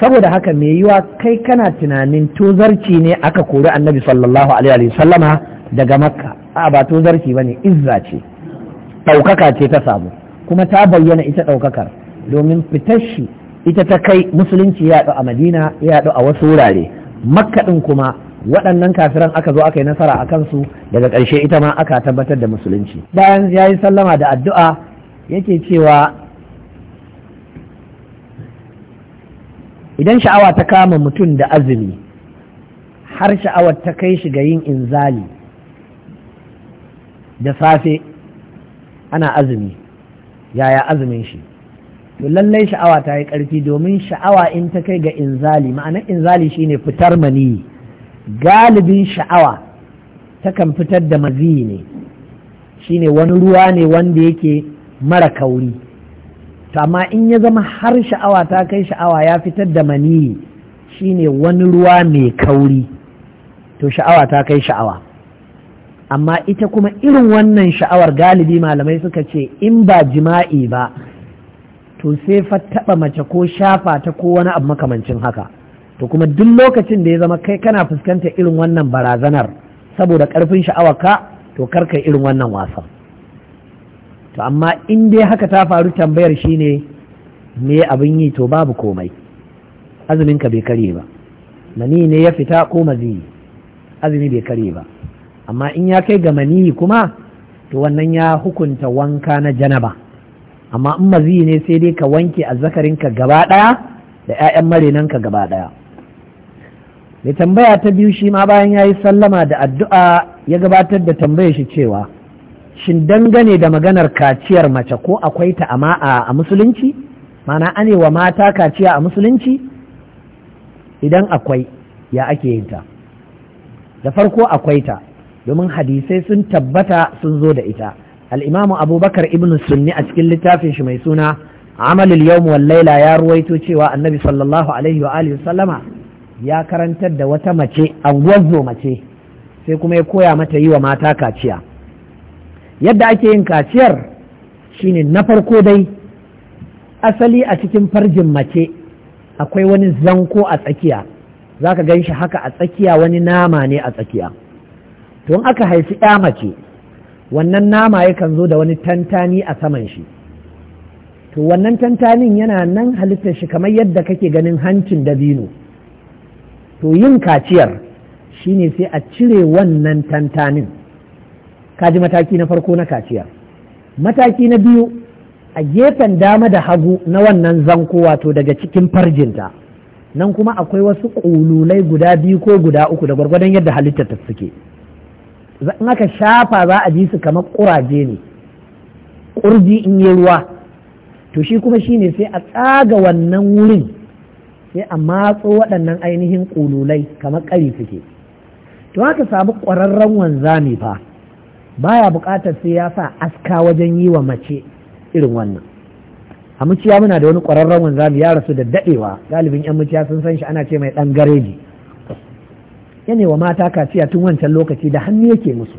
saboda haka mai yiwa kai kana tunanin tozarci ne aka kori annabi sallallahu alaihi wa sallama daga makka a ba tozarci ne, izza ce ɗaukaka ce ta samu kuma ta bayyana ita ɗaukakar domin fitar shi ita ta kai musulunci ya a madina ya a wasu wurare makka ɗin kuma waɗannan kafiran aka zo aka yi nasara a kansu daga ƙarshe ita ma aka tabbatar da musulunci bayan ya yi sallama da addu'a yake cewa idan sha'awa ta kama mutum da azumi har sha'awar ta kai shi ga yin inzali da safe ana azumi yaya azumin shi to lallai sha'awa ta yi ƙarfi domin sha'awa in ta kai ga inzali ma'anar inzali shine fitar maniyi galibin sha'awa takan fitar da mazi ne shine wani ruwa ne wanda yake mara kauri to amma in ya zama har sha'awa ta kai sha'awa ya fitar da maniyi shine wani ruwa mai kauri to sha'awa ta kai sha'awa amma ita kuma irin wannan sha'awar galibi malamai suka ce in ba jima'i ba to sai fa taɓa mace ko shafa ta ko wani abu makamancin haka to kuma duk lokacin da ya zama kai kana fuskantar irin wannan barazanar saboda ƙarfin sha'awa ka to karka irin wannan wasan to amma in dai haka ta faru tambayar shi ne me abin yi to babu komai azumin ka bai kare ba mani ne ya fita ko maziyi azumi bai karye ba amma in ya kai ga mani kuma to wannan ya hukunta wanka na janaba amma in maziyi ne sai dai ka wanke azzakarinka gaba ɗaya da 'ya'yan marenanka gaba ɗaya mai tambaya ta biyu shi ma bayan ya yi sallama da addu'a ya gabatar da tambayar shi cewa shin dangane da maganar kaciyar mace ko akwai ta a musulunci mana ane mata kaciya a musulunci idan akwai ya ake yin ta da farko akwai ta domin hadisai sun tabbata sun zo da ita al'imamu abubakar ibn sunni a cikin littafin shi mai suna amalul yawm wal laila ya ruwaito cewa annabi sallallahu alaihi wa alihi sallama ya karantar da wata mace an mace sai kuma ya koya mata yi wa mata kaciya yadda ake yin kaciyar shine na farko dai asali a cikin farjin mace akwai wani zanko a tsakiya za ka gan shi haka a tsakiya wani nama ne a tsakiya to aka haifi ya mace wannan nama yakan zo da wani tantani a saman shi to wannan tantanin yana nan halittar shi kamar yadda kake ganin hancin dabino to yin kaciyar shine sai a cire wannan tantanin ka ji mataki na farko na kaciya mataki na biyu a gefen dama da hagu na wannan zanko wato daga cikin farjinta nan kuma akwai wasu ƙululai guda biyu ko guda uku da gwargwadon yadda halittar ta suke in aka shafa za a ji su kamar ƙuraje ne ƙurji in yi ruwa to shi kuma shine sai a tsaga wannan wurin sai a matso waɗannan ainihin ƙululai kamar ƙari suke to haka samu ƙwararren wanzami fa baya buƙatar sai ya sa aska wajen yi wa mace irin wannan a muciya muna da wani ƙwararren wanzami ya rasu da daɗewa galibin yan muciya sun san shi ana ce mai ɗan gareji yane wa mata kaciya tun wancan lokaci da hannu yake musu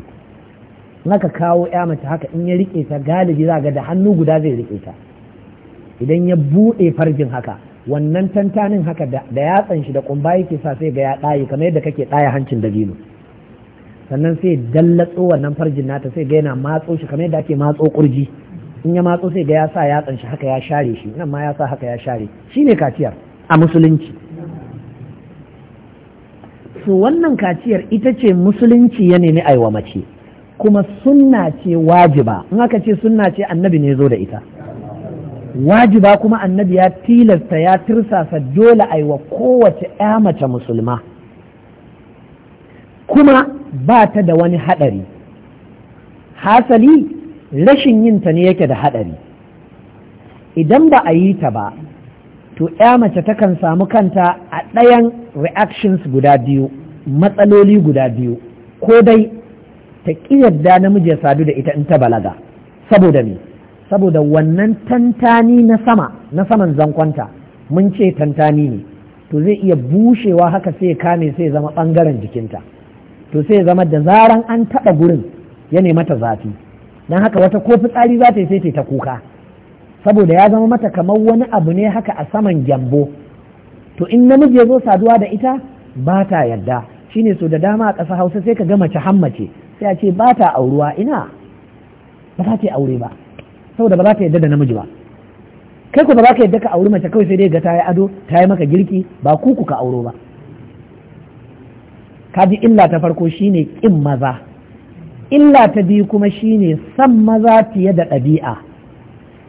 naka kawo ya mace haka in ya riƙe ta galibi za ga da hannu guda zai riƙe ta idan ya buɗe farjin haka wannan tantanin haka da yatsan shi da kumba yake sa sai ga ya ɗaye kamar yadda kake ɗaya hancin dabino sannan sai dallatso wannan farjin nata sai ga yana matso shi kamar yadda ake matso kurji in ya matso sai ga ya sa ya shi haka ya share shi nan ma ya sa haka ya share Shi ne kaciyar a musulunci su wannan kaciyar ita ce musulunci ya nemi aiwa mace kuma sunna ce wajiba in aka ce sunna ce annabi ne zo da ita wajiba kuma annabi ya tilasta ya tirsasa dole aiwa kowace 'ya mace musulma kuma ba ta da wani haɗari hasali rashin yin ta ne yake da haɗari idan ba a yi ta ba to ya mace takan samu kanta a ɗayan reactions guda biyu matsaloli guda biyu ko dai ta ƙi yadda namiji ya sadu da ita in ta balaga saboda me saboda wannan tantani na sama na saman zankonta mun ce tantani ne to zai iya bushewa haka sai ya kame sai ya zama ɓangaren jikinta to sai ya zama da zaran an taɓa gurin ya nemata zafi don haka wata ko fitsari za ta yi sai ta kuka saboda ya zama mata kamar wani abu ne haka a saman gyambo to in namiji ya zo saduwa da ita ba ta yadda shine so da dama a ƙasa hausa sai ka ga mace hammace sai a ce ba ta auruwa ina ba za ta aure ba saboda ba za ta yadda da namiji ba kai ku ba za ka yadda ka auri mace kawai sai dai ga ta yi ado ta yi maka girki ba ku ku ka auro ba kaji illa ta farko shine ƙin maza illa ta biyu kuma shine san maza fiye da ɗabi'a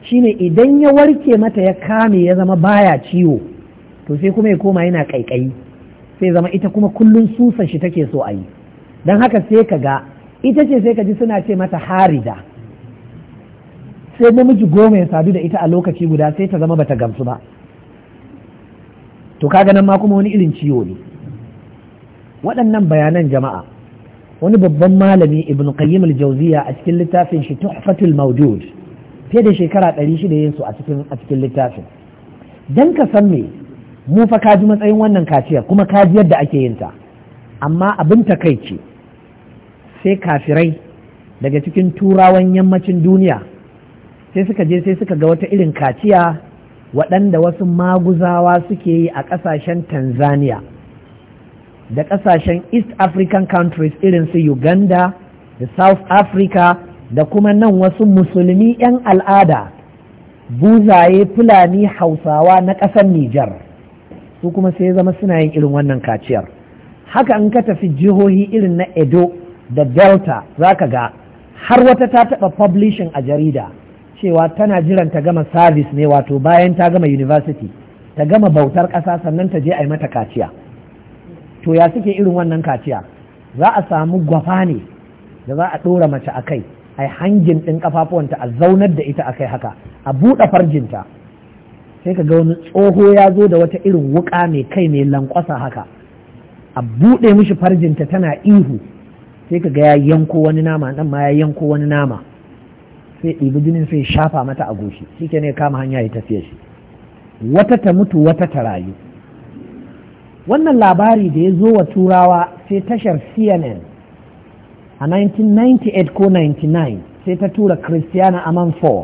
shine idan ya warke mata ya kame ya zama baya ciwo to sai kuma ya koma yana ƙaiƙayi sai zama ita kuma kullum susan shi take so a yi don haka sai ka ga ita ce sai ka ji suna ce mata harida sai namiji goma ya sadu da ita a lokaci guda sai ta zama bata gamsu ba to kaga nan ma kuma wani irin ciwo ne waɗannan bayanan jama'a wani babban malami ibn qayyim al-jawziya a cikin littafin shi tuhfatul mawjud fiye da shekara 600 yin su a cikin a cikin littafin dan ka san me mu fa kaji matsayin wannan kaciya kuma kaji yadda ake yin ta amma abin takaici sai kafirai daga cikin turawan yammacin duniya sai suka je sai suka ga wata irin kaciya waɗanda wasu maguzawa suke yi a ƙasashen tanzania da ƙasashen east african countries irin su uganda da south africa da kuma nan wasu musulmi 'yan al'ada buzaye fulani hausawa na ƙasar nijar su kuma sai zama suna yin irin wannan kaciyar haka in ka tafi jihohi irin na edo da delta za ka ga har wata ta taɓa publishing a jarida cewa tana jiran ta gama service ne wato bayan ta gama university ta gama bautar ƙasa sannan ta je a yi mata kaciya to ya suke irin wannan kaciya za a samu gwafa ne da za a ɗora mace a kai a hangin ɗin ƙafafuwanta a zaunar da ita a kai haka a buɗe farjinta sai ka ga wani tsoho ya zo da wata irin wuƙa mai kai mai lankwasa haka a buɗe mishi farjinta tana ihu sai ka ga ya yanko wani nama ɗan ma ya yanko wani nama sai ɗibi jinin sai shafa mata a goshi shi ne kama hanya ya tafiya shi wata ta mutu wata ta rayu wannan labari da ya zo wa turawa sai tashar cnn a 1998 ko 99 sai ta tura christiana 4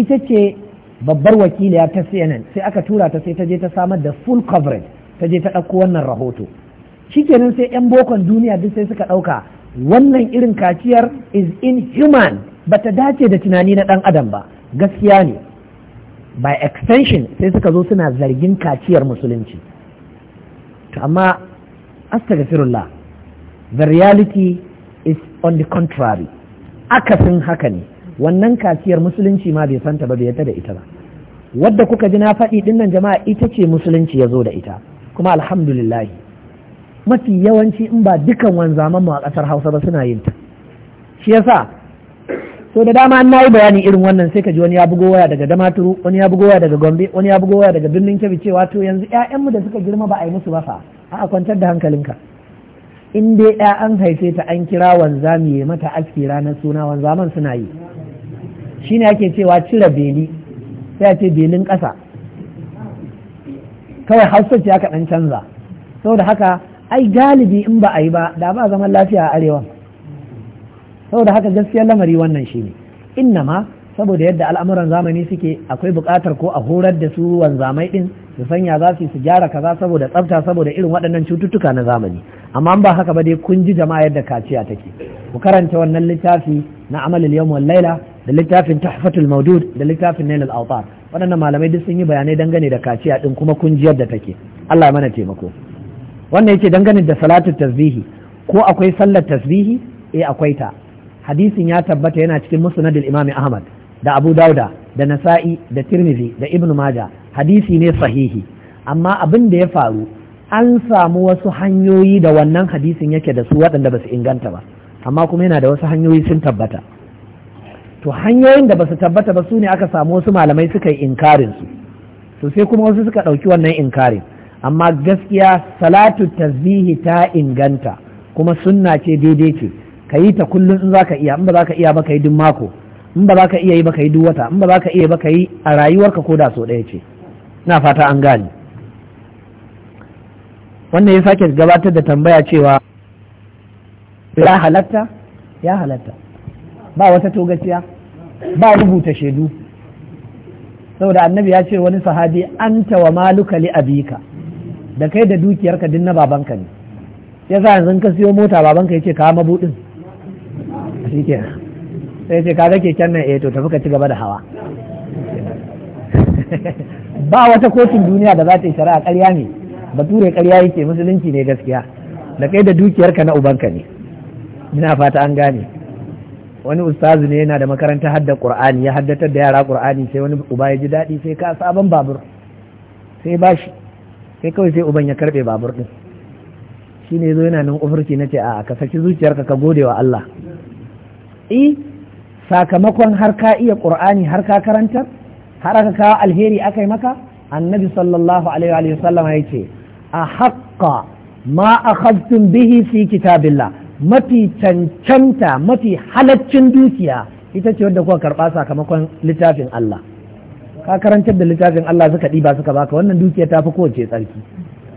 ita ce babbar wakiliya ta cnn sai aka tura ta sai ta je ta samar da full coverage ta je ta ɗauko wannan rahoto shikenan sai 'yan bokon duniya duk sai suka ɗauka wannan irin kaciyar is inhuman ba ta dace da tunani na ɗan adam ba gaskiya ne by extension sai suka zo suna zargin kaciyar musulunci to amma astaghfirullah the reality is on the contrary akasin haka ne wannan kaciyar musulunci ma bai santa ba bai yadda da ita ba wadda kuka ji na faɗi dinnan jama'a ita ce musulunci ya zo da ita kuma alhamdulillah, mafi yawanci in ba dukan wanzaman mu a ƙasar hausa ba suna yin ta shi yasa so da dama na yi bayani irin wannan sai ka ji wani ya bugo waya daga damaturu wani ya bugo waya daga gombe wani ya bugo waya daga birnin kebbi cewa to yanzu ƴaƴanmu da suka girma ba a yi musu ba fa a kwantar da hankalinka in dai ɗaya an haife ta an kira wanzami ya mata aski ranar suna wanzaman suna yi shine ake cewa cire beli sai a ce belin ƙasa kawai hausa ce aka ɗan canza saboda haka ai galibi in ba a yi ba da ba zaman lafiya a arewa saboda haka gaskiyar lamari wannan shi ne inna ma saboda yadda al'amuran zamani suke akwai buƙatar ko a horar da su wanzamai din su sanya za su gyara kaza saboda tsafta saboda irin waɗannan cututtuka na zamani amma ba haka ba dai kun ji jama'a yadda kaciya take ku karanta wannan littafi na amalul yawm wal laila da littafin tahfatul Maudud, da littafin nail al awtar waɗannan malamai duk sun yi bayanai dangane da kaciya din kuma kun ji yadda take Allah ya mana taimako wannan yake dangane da salatu tasbihi ko akwai sallar tasbihi eh akwai ta hadisin ya tabbata yana cikin musnadul imam ahmad da abu dauda da nasa'i da tirmidhi da ibnu maja hadisi ne sahihi amma abin da ya faru an samu wasu hanyoyi da wannan hadisin yake da su waɗanda ba su inganta ba amma kuma yana da wasu hanyoyi sun tabbata to hanyoyin da basu tabbata ba su ne aka samu wasu malamai suka yi inkarin su to sai kuma wasu suka ɗauki wannan inkarin amma gaskiya salatu tasbihi ta inganta kuma sunna ce daidai ce ka yi ta kullum in za ka iya in ba za ka iya ba ka yi duk mako in ba za ka iya yi ba ka yi duk wata in ba za ka iya ba ka yi a rayuwarka ko da so ɗaya ce na fata an gane wannan ya sake gabatar da tambaya cewa ya halatta ya halatta ba wata togaciya ba rubuta shaidu saboda annabi ya ce wani sahabi an wa maluka li abika da kai da dukiyarka duk na babanka ne yasa yanzu ka siyo mota babanka yace ka mabudin shi ke sai ce kaga keken nan eh to tafi ka ci gaba da hawa ba wata kotun duniya da za ta yi shari'a ƙarya ne ture ƙarya yake musulunci ne gaskiya da kai da dukiyarka na ubanka ne ina fata an gane wani ustazu ne yana da makaranta hadda qur'ani ya haddatar da yara qur'ani sai wani uba ya ji daɗi sai ka sabon babur sai bashi sai kawai sai uban ya karbe babur ɗin shi ne zo yana nan ofirki na ce a ka saki zuciyarka ka gode wa Allah i e, sakamakon har ka iya qur'ani har ka karantar har aka kawo alheri aka yi maka annabi sallallahu alaihi wa sallam ya ce a haqqa ma akhadtum bihi fi kitabillah mafi cancanta mafi halaccin dukiya ita ce wadda kuka karba sakamakon littafin Allah ka karantar da littafin Allah suka ɗiba suka baka wannan dukiya ta fi kowace tsarki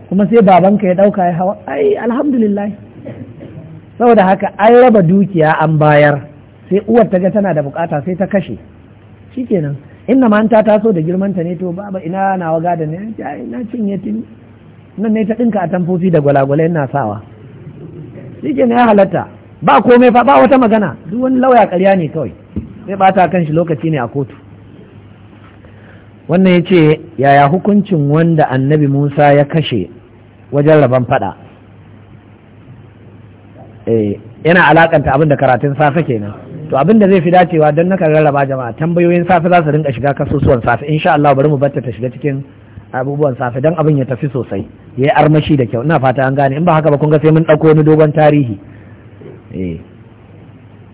kuma sai babanka ya ɗauka ya hawa ai alhamdulillah saboda haka an raba dukiya an bayar sai uwar ta ga tana da bukata sai ta kashe shikenan inna ma ta taso da girmanta ta ne to baba ina nawa gada ne na cinye tin nan ne ta dinka a tamfofi da gwalagwalai yana sawa kenan ya halatta ba komai fa ba wata magana duk wani lauya ƙarya ne kawai sai bata kan shi lokaci ne a kotu wannan yace yaya hukuncin wanda annabi musa ya kashe wajen rabon fada eh, yana alakanta abin da karatun safe kenan to abin da zai fi dacewa don naka rarraba jama'a tambayoyin safe za su rinka shiga kasusuwan safe insha Allah bari mu batta ta shiga cikin abubuwan safe don abin ya tafi sosai ya yi armashi da kyau ina fata an gane in ba haka ba kun ga sai mun ɗauko wani dogon tarihi eh.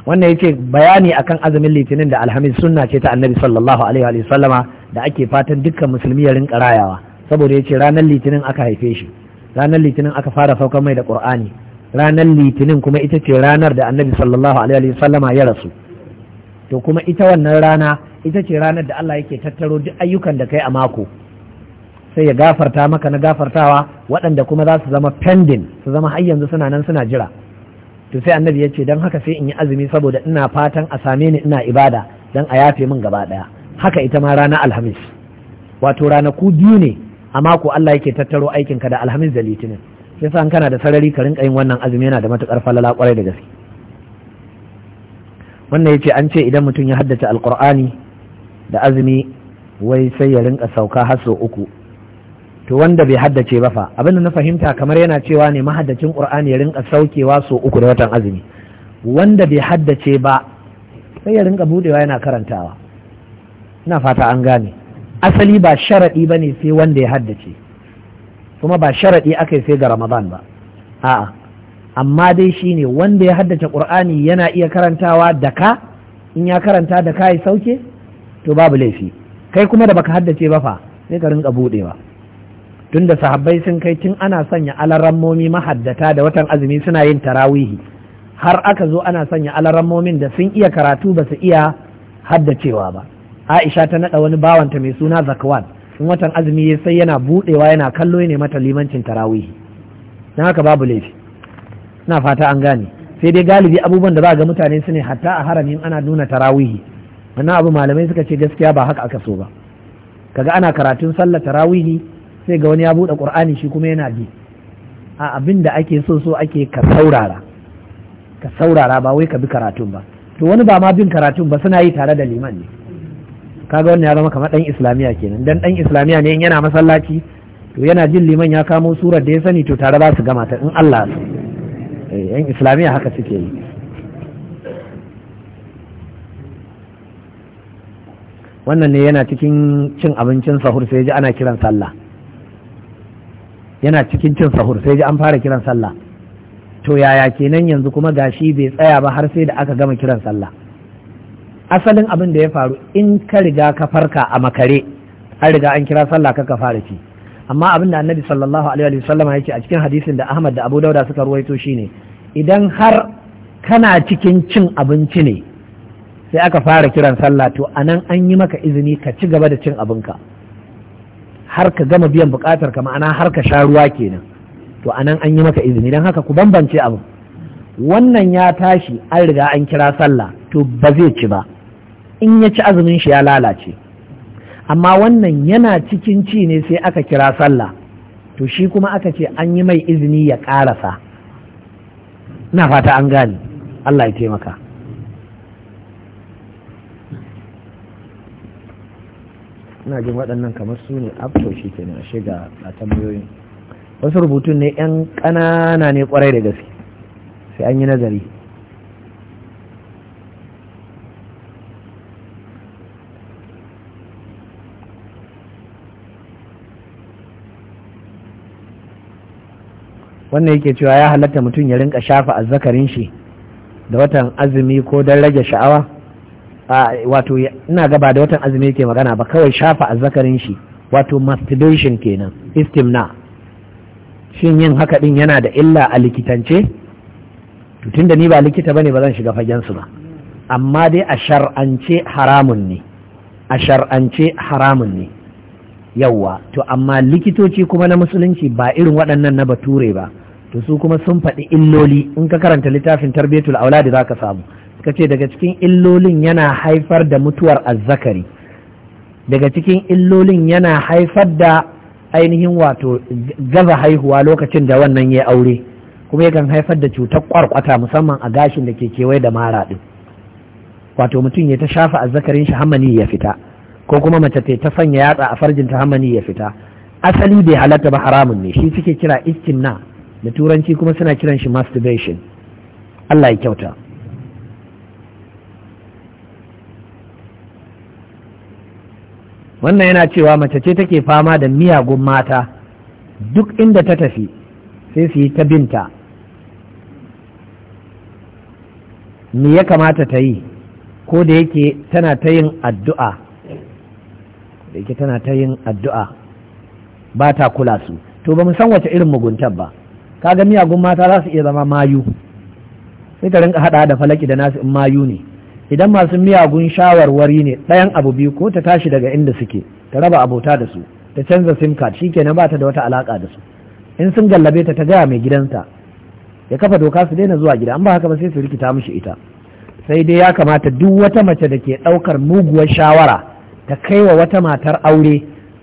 wannan yake bayani akan azumin litinin da alhamis sunna ce ta annabi sallallahu alaihi wa sallama da ake fatan dukkan musulmi ya rinka rayawa saboda ya ce ranar litinin aka haife shi ranar litinin aka fara saukar mai da qur'ani ranar litinin kuma ita ce ranar da annabi sallallahu alaihi wasallama ya rasu to kuma ita wannan rana ita ce ranar da Allah yake tattaro duk ayyukan da kai a mako sai ya gafarta maka na gafartawa waɗanda kuma za su zama pending su zama har yanzu suna nan suna jira to sai annabi ya ce don haka sai in yi azumi saboda ina fatan a same ni ina ibada don a yafe min gaba ɗaya haka ita ma rana alhamis wato ranaku biyu ne a mako Allah yake tattaro aikinka da alhamis da litinin shi yasa kana da sarari ka rinka yin wannan azumi yana da matukar falala kwarai da gaske wannan yace an ce idan mutum ya haddace alqur'ani da azumi wai sai ya rinka sauka har sau uku to wanda bai haddace ba fa abin da na fahimta kamar yana cewa ne mahaddacin qur'ani ya rinka saukewa sau uku da watan azumi wanda bai haddace ba sai ya rinka budewa yana karantawa ina fata an gane asali ba sharaɗi ba ne sai wanda ya haddace kuma ba sharaɗi aka yi sai ga ramadan ba a'a amma dai shine wanda ya haddace qur'ani yana iya karantawa da ka in ya karanta da ka ya sauke to babu laifi kai kuma da baka haddace ba fa sai ka rinka budewa tunda sahabbai sun kai tun ana sanya alarammomi mahaddata da watan azumi suna yin tarawihi har aka zo ana sanya alarammomin da sun iya karatu ba su iya haddacewa ba aisha ta naɗa wani bawanta mai suna zakwan in watan azumi sai yana budewa yana kallo ne mata limancin tarawihi don haka babu laifi na fata an gane sai dai galibi abubuwan da ba ga mutane su ne hatta a haramin ana nuna tarawihi wannan abu malamai suka ce gaskiya ba haka aka so ba kaga ana karatun sallar tarawihi sai ga wani ya bude qur'ani shi kuma yana bi a abin da ake so so ake ka saurara ka saurara ba wai ka bi karatun ba to wani ba ma bin karatun ba suna yi tare da liman ne kaga wannan ya zama kamar dan islamiya kenan dan dan islamiya ne in yana masallaci to yana jin liman ya kamo surar da ya sani to tare za su gama ta in Allah su eh, yan islamiya haka suke yi wannan ne yana cikin cin abincin sahur sai ji ana kiran sallah yana cikin cin sahur sai ji an fara kiran sallah to yaya kenan yanzu kuma gashi bai tsaya ba har sai da aka gama kiran sallah asalin abin da ya faru in ka riga ka farka a makare an riga an kira sallah ka fara ci amma abin da annabi sallallahu alaihi wa ya yake a cikin hadisin da Ahmad da Abu Dauda suka ruwaito shine idan har kana cikin cin abinci ne sai aka fara kiran sallah to anan an yi maka izini ka ci gaba da cin abinka har ka gama biyan bukatar ka ma'ana har ka sha ruwa kenan to anan an yi maka izini don haka ku bambance abu wannan ya tashi an riga an kira sallah to ba zai ci ba in ya ci azumin shi ya lalace amma wannan yana cikin ci ne sai aka kira sallah to shi kuma aka ce an yi mai izini ya ƙarasa na fata an gani Allah ya taimaka ina jin waɗannan kamar su ne abto shi ke na shiga a tambayoyin wasu rubutun ne 'yan ƙanana ne ƙwarai da gaske sai an yi nazari wannan yake cewa ya halatta mutum ya rinka shafa azzakarin shi da watan azumi ko don rage sha'awa wato ina gaba da watan azumi yake magana ba kawai shafa azzakarin shi wato masturbation kenan istimna shin yin haka din yana da illa a likitance tun da ni ba likita bane ba zan shiga fagen su ba amma dai a shar'ance haramun ne a shar'ance haramun ne yawwa to amma likitoci kuma na musulunci ba irin waɗannan na bature ba to su kuma sun faɗi illoli in ka karanta littafin tarbiyatul auladi zaka samu suka ce daga cikin illolin yana haifar da mutuwar azzakari daga cikin illolin yana haifar da ainihin wato gaza haihuwa lokacin da wannan ya aure kuma yakan haifar da cutar kwarkwata musamman a gashin da ke kewaye da mara ɗin wato mutum ya ta shafa azzakarin shi hamani ya fita ko kuma mace ta sanya yatsa a farjin ta hamani ya fita asali bai halatta ba haramun ne shi suke kira istimna da turanci kuma suna kiran shi masturbation Allah ya kyauta wannan yana cewa mace ce take fama da miyagun mata duk inda ta tafi sai su yi ta binta me ya kamata ta yi ko da yake tana ta yin addu'a da tana ta yin addu'a ba ta kula su to ba mu san wace irin muguntar ba kaga miyagun mata za su iya zama mayu sai ta rinka hada da falaki da nasu in mayu ne idan masu miyagun shawarwari ne ɗayan abu biyu ko ta tashi daga inda suke ta raba abota da su ta canza sim card shikenan ba ta da wata alaka da su in sun gallabe ta ta gaya mai gidansa ya kafa doka su daina zuwa gida an ba haka ba sai su rikita mishi ita sai dai ya kamata duk wata mace da ke ɗaukar muguwar shawara ta kai wa wata matar aure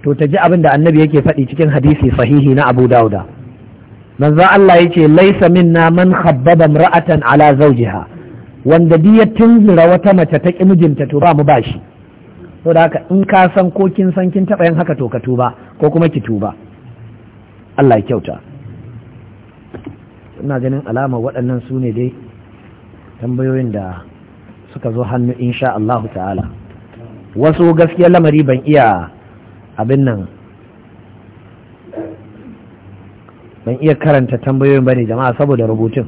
to ta ji abin da annabi yake faɗi cikin hadisi sahihi na abu dauda manzo Allah yace laisa minna man khabbaba imra'atan ala zawjiha wanda biya tunzura wata mace ta ki mijinta to ba mu bashi to da haka in ka san ko kin san kin taba yin haka to ka tuba ko kuma ki tuba Allah ya kyauta ina ganin alama waɗannan su ne dai tambayoyin da suka zo hannu insha Allah ta'ala wasu gaskiyar lamari ban iya abin nan ban iya karanta tambayoyin ba ne jama'a saboda rubutun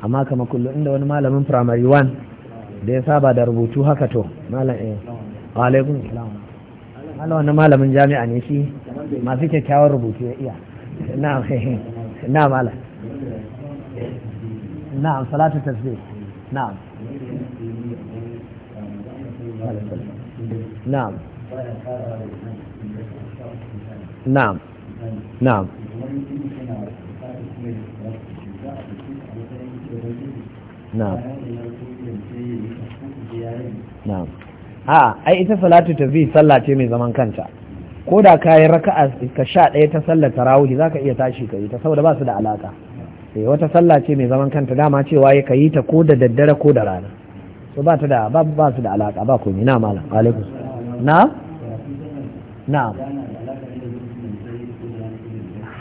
amma kama kullum inda wani malamin primary one da ya saba da rubutu haka to malam eh wani malamin jami'a ne shi masu kyakkyawar rubutu ya iya na na malam na salatu tasbih na'am نعم نعم نعم نعم نعم ها اي ai ita salatu tafi sallah ce mai zaman kanta ko da kayan raka'a ka sha ɗaya ta sallar tarawih zaka iya tashi ka yi ta saboda basu su da alaka eh, wata sallah ce mai zaman kanta dama cewa ya ka yi ta ko da daddare ko da rana to ba ta da ba su da alaka ba komai na malam alaikum na na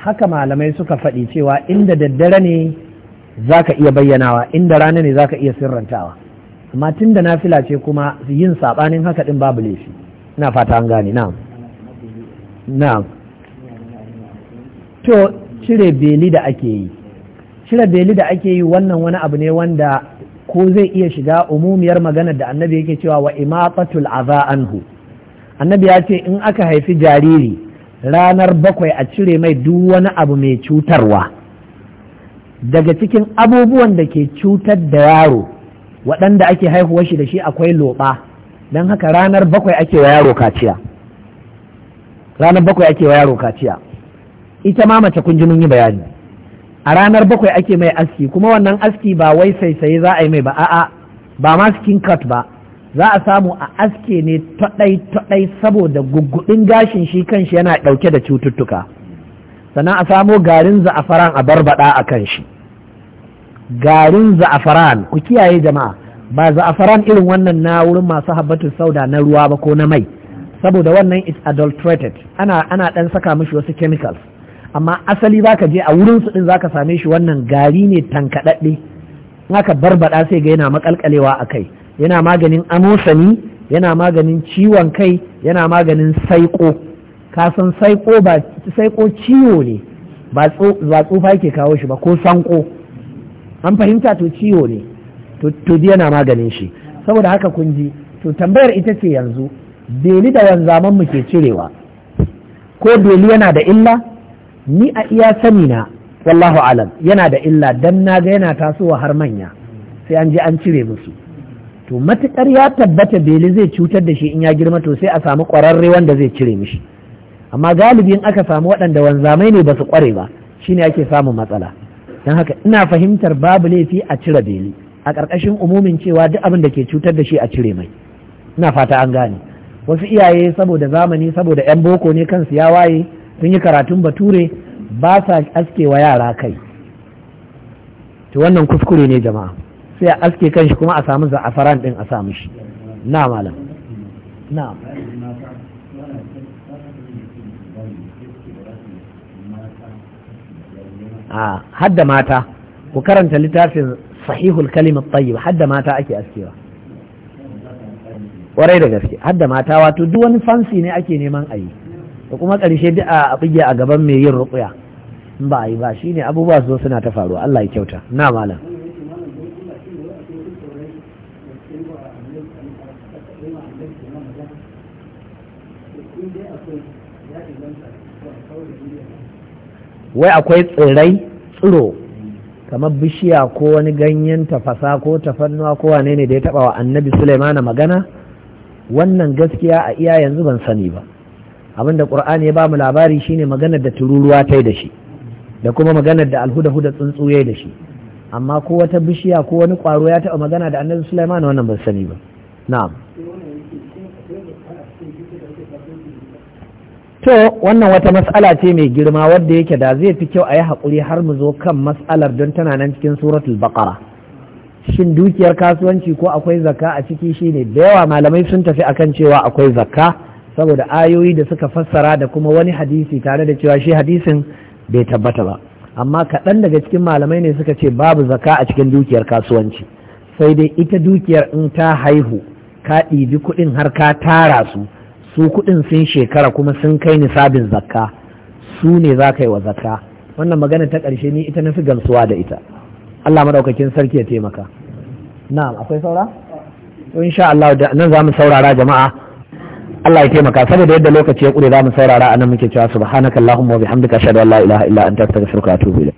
haka malamai suka faɗi cewa inda daddare ne za iya bayyanawa inda rana ne zaka iya sirrantawa amma tun nafila ce kuma yin sabanin haka ɗin babu laifi ina fata an gane na'am na'am to cire beli da ake yi cire beli da ake yi wannan wani abu ne wanda ko zai iya shiga umumiyar magana da annabi yake cewa wa imatatul aza anhu annabi ya ce in aka haifi jariri ranar bakwai a cire mai duk wani abu mai cutarwa daga cikin abubuwan da ke cutar da yaro waɗanda ake haihuwar shi da shi akwai loɓa don haka ranar bakwai ake wa yaro kaciya ranar bakwai ake wa yaro kaciya ita ma mace kun ji mun yi bayani a ranar bakwai ake mai aski kuma wannan aski ba wai saisaye za a yi mai ba a'a ba ma skin cut ba za a samu a aske ne taɗai taɗai saboda guggudin gashin shi kanshi yana ɗauke da cututtuka sannan a samo garin za'afaran a barbaɗa a kan shi garin za'afaran ku kiyaye jama'a ba za'afaran irin wannan na wurin masu habbatu sauda na ruwa ba ko na mai saboda wannan is adulterated ana ana ɗan saka mishi wasu chemicals amma asali zaka je a wurin su din zaka same shi wannan gari ne tankadadde naka barbada sai ga yana makalkalewa a kai yana maganin amosani yana maganin ciwon kai yana maganin saiko ka san saiko ba saiko ciwo ne ba tsufa yake kawo shi ba ko sanko an fahimta to ciwo ne to yana maganin shi saboda haka kun ji to tambayar ita ce yanzu beli da wanzamanmu ke cirewa ko beli yana da illa ni a iya sani na wallahu alam yana da illa dan na ga yana tasowa har manya sai an je an cire musu to matukar ya tabbata beli zai cutar da shi in ya girma to sai a samu kwararre wanda zai cire mishi amma galibin aka samu waɗanda wanzamai ne ba su kware ba shine ake samun matsala don haka ina fahimtar babu laifi a cire beli a ƙarƙashin umumin cewa duk abin da ke cutar da shi a cire mai ina fata an gane wasu iyaye saboda zamani saboda 'yan boko ne kansu ya waye sun yi karatun bature ba sa aske wa yara kai to wannan kuskure ne jama'a sai a aske kanshi kuma a samu za'afaran din a samu shi na malam na a hadda mata ku karanta littafin sahihul kalimar tayyib hadda mata ake askewa kwarai da gaske hadda mata wato duk wani fansi ne ake neman a yi da kuma ƙarshe da a buge a gaban mai yin ruƙuya ba yi ba shine abubuwa su suna ta faruwa Allah ya kyauta na malam wai akwai tsirai tsiro kamar bishiya ko wani ganyen tafasa ko tafannuwa ko wane ne da ya taba wa annabi suleimana magana wannan gaskiya a iya yanzu ban sani ba Abin da ƙur'ani ya ba mu labari shine maganar da tururuwa ta yi da shi da kuma maganar da alhuda huda tsuntsu ya yi da shi amma ko wata bishiya ko wani ƙwaro ya taɓa magana da annabi sulaiman wannan ban sani ba na'am to wannan wata mas'ala ce mai girma wadda yake da zai fi kyau a yi haƙuri har mu zo kan mas'alar don tana nan cikin suratul baqara shin dukiyar kasuwanci ko akwai zakka a ciki shine da yawa malamai sun tafi akan cewa akwai zakka saboda ayoyi da suka fassara da kuma wani hadisi tare da cewa shi hadisin bai tabbata ba amma kaɗan daga cikin malamai ne suka ce babu zaka a cikin dukiyar kasuwanci sai dai ita dukiyar in ta haihu ka ɗibi kuɗin har ka tara su su kuɗin sun shekara kuma sun kai nisabin zakka su ne za ka yi wa zakka wannan magana ta ƙarshe ni ita na fi gamsuwa da ita Allah maɗaukakin sarki ya taimaka na'am akwai saura in sha Allah nan za mu saurara jama'a Allah ya taimaka saboda yadda lokaci ya kure za mu saurara anan muke cewa subhanakallahumma wa bihamdika ashhadu an la ilaha illa anta astaghfiruka wa atubu ilayk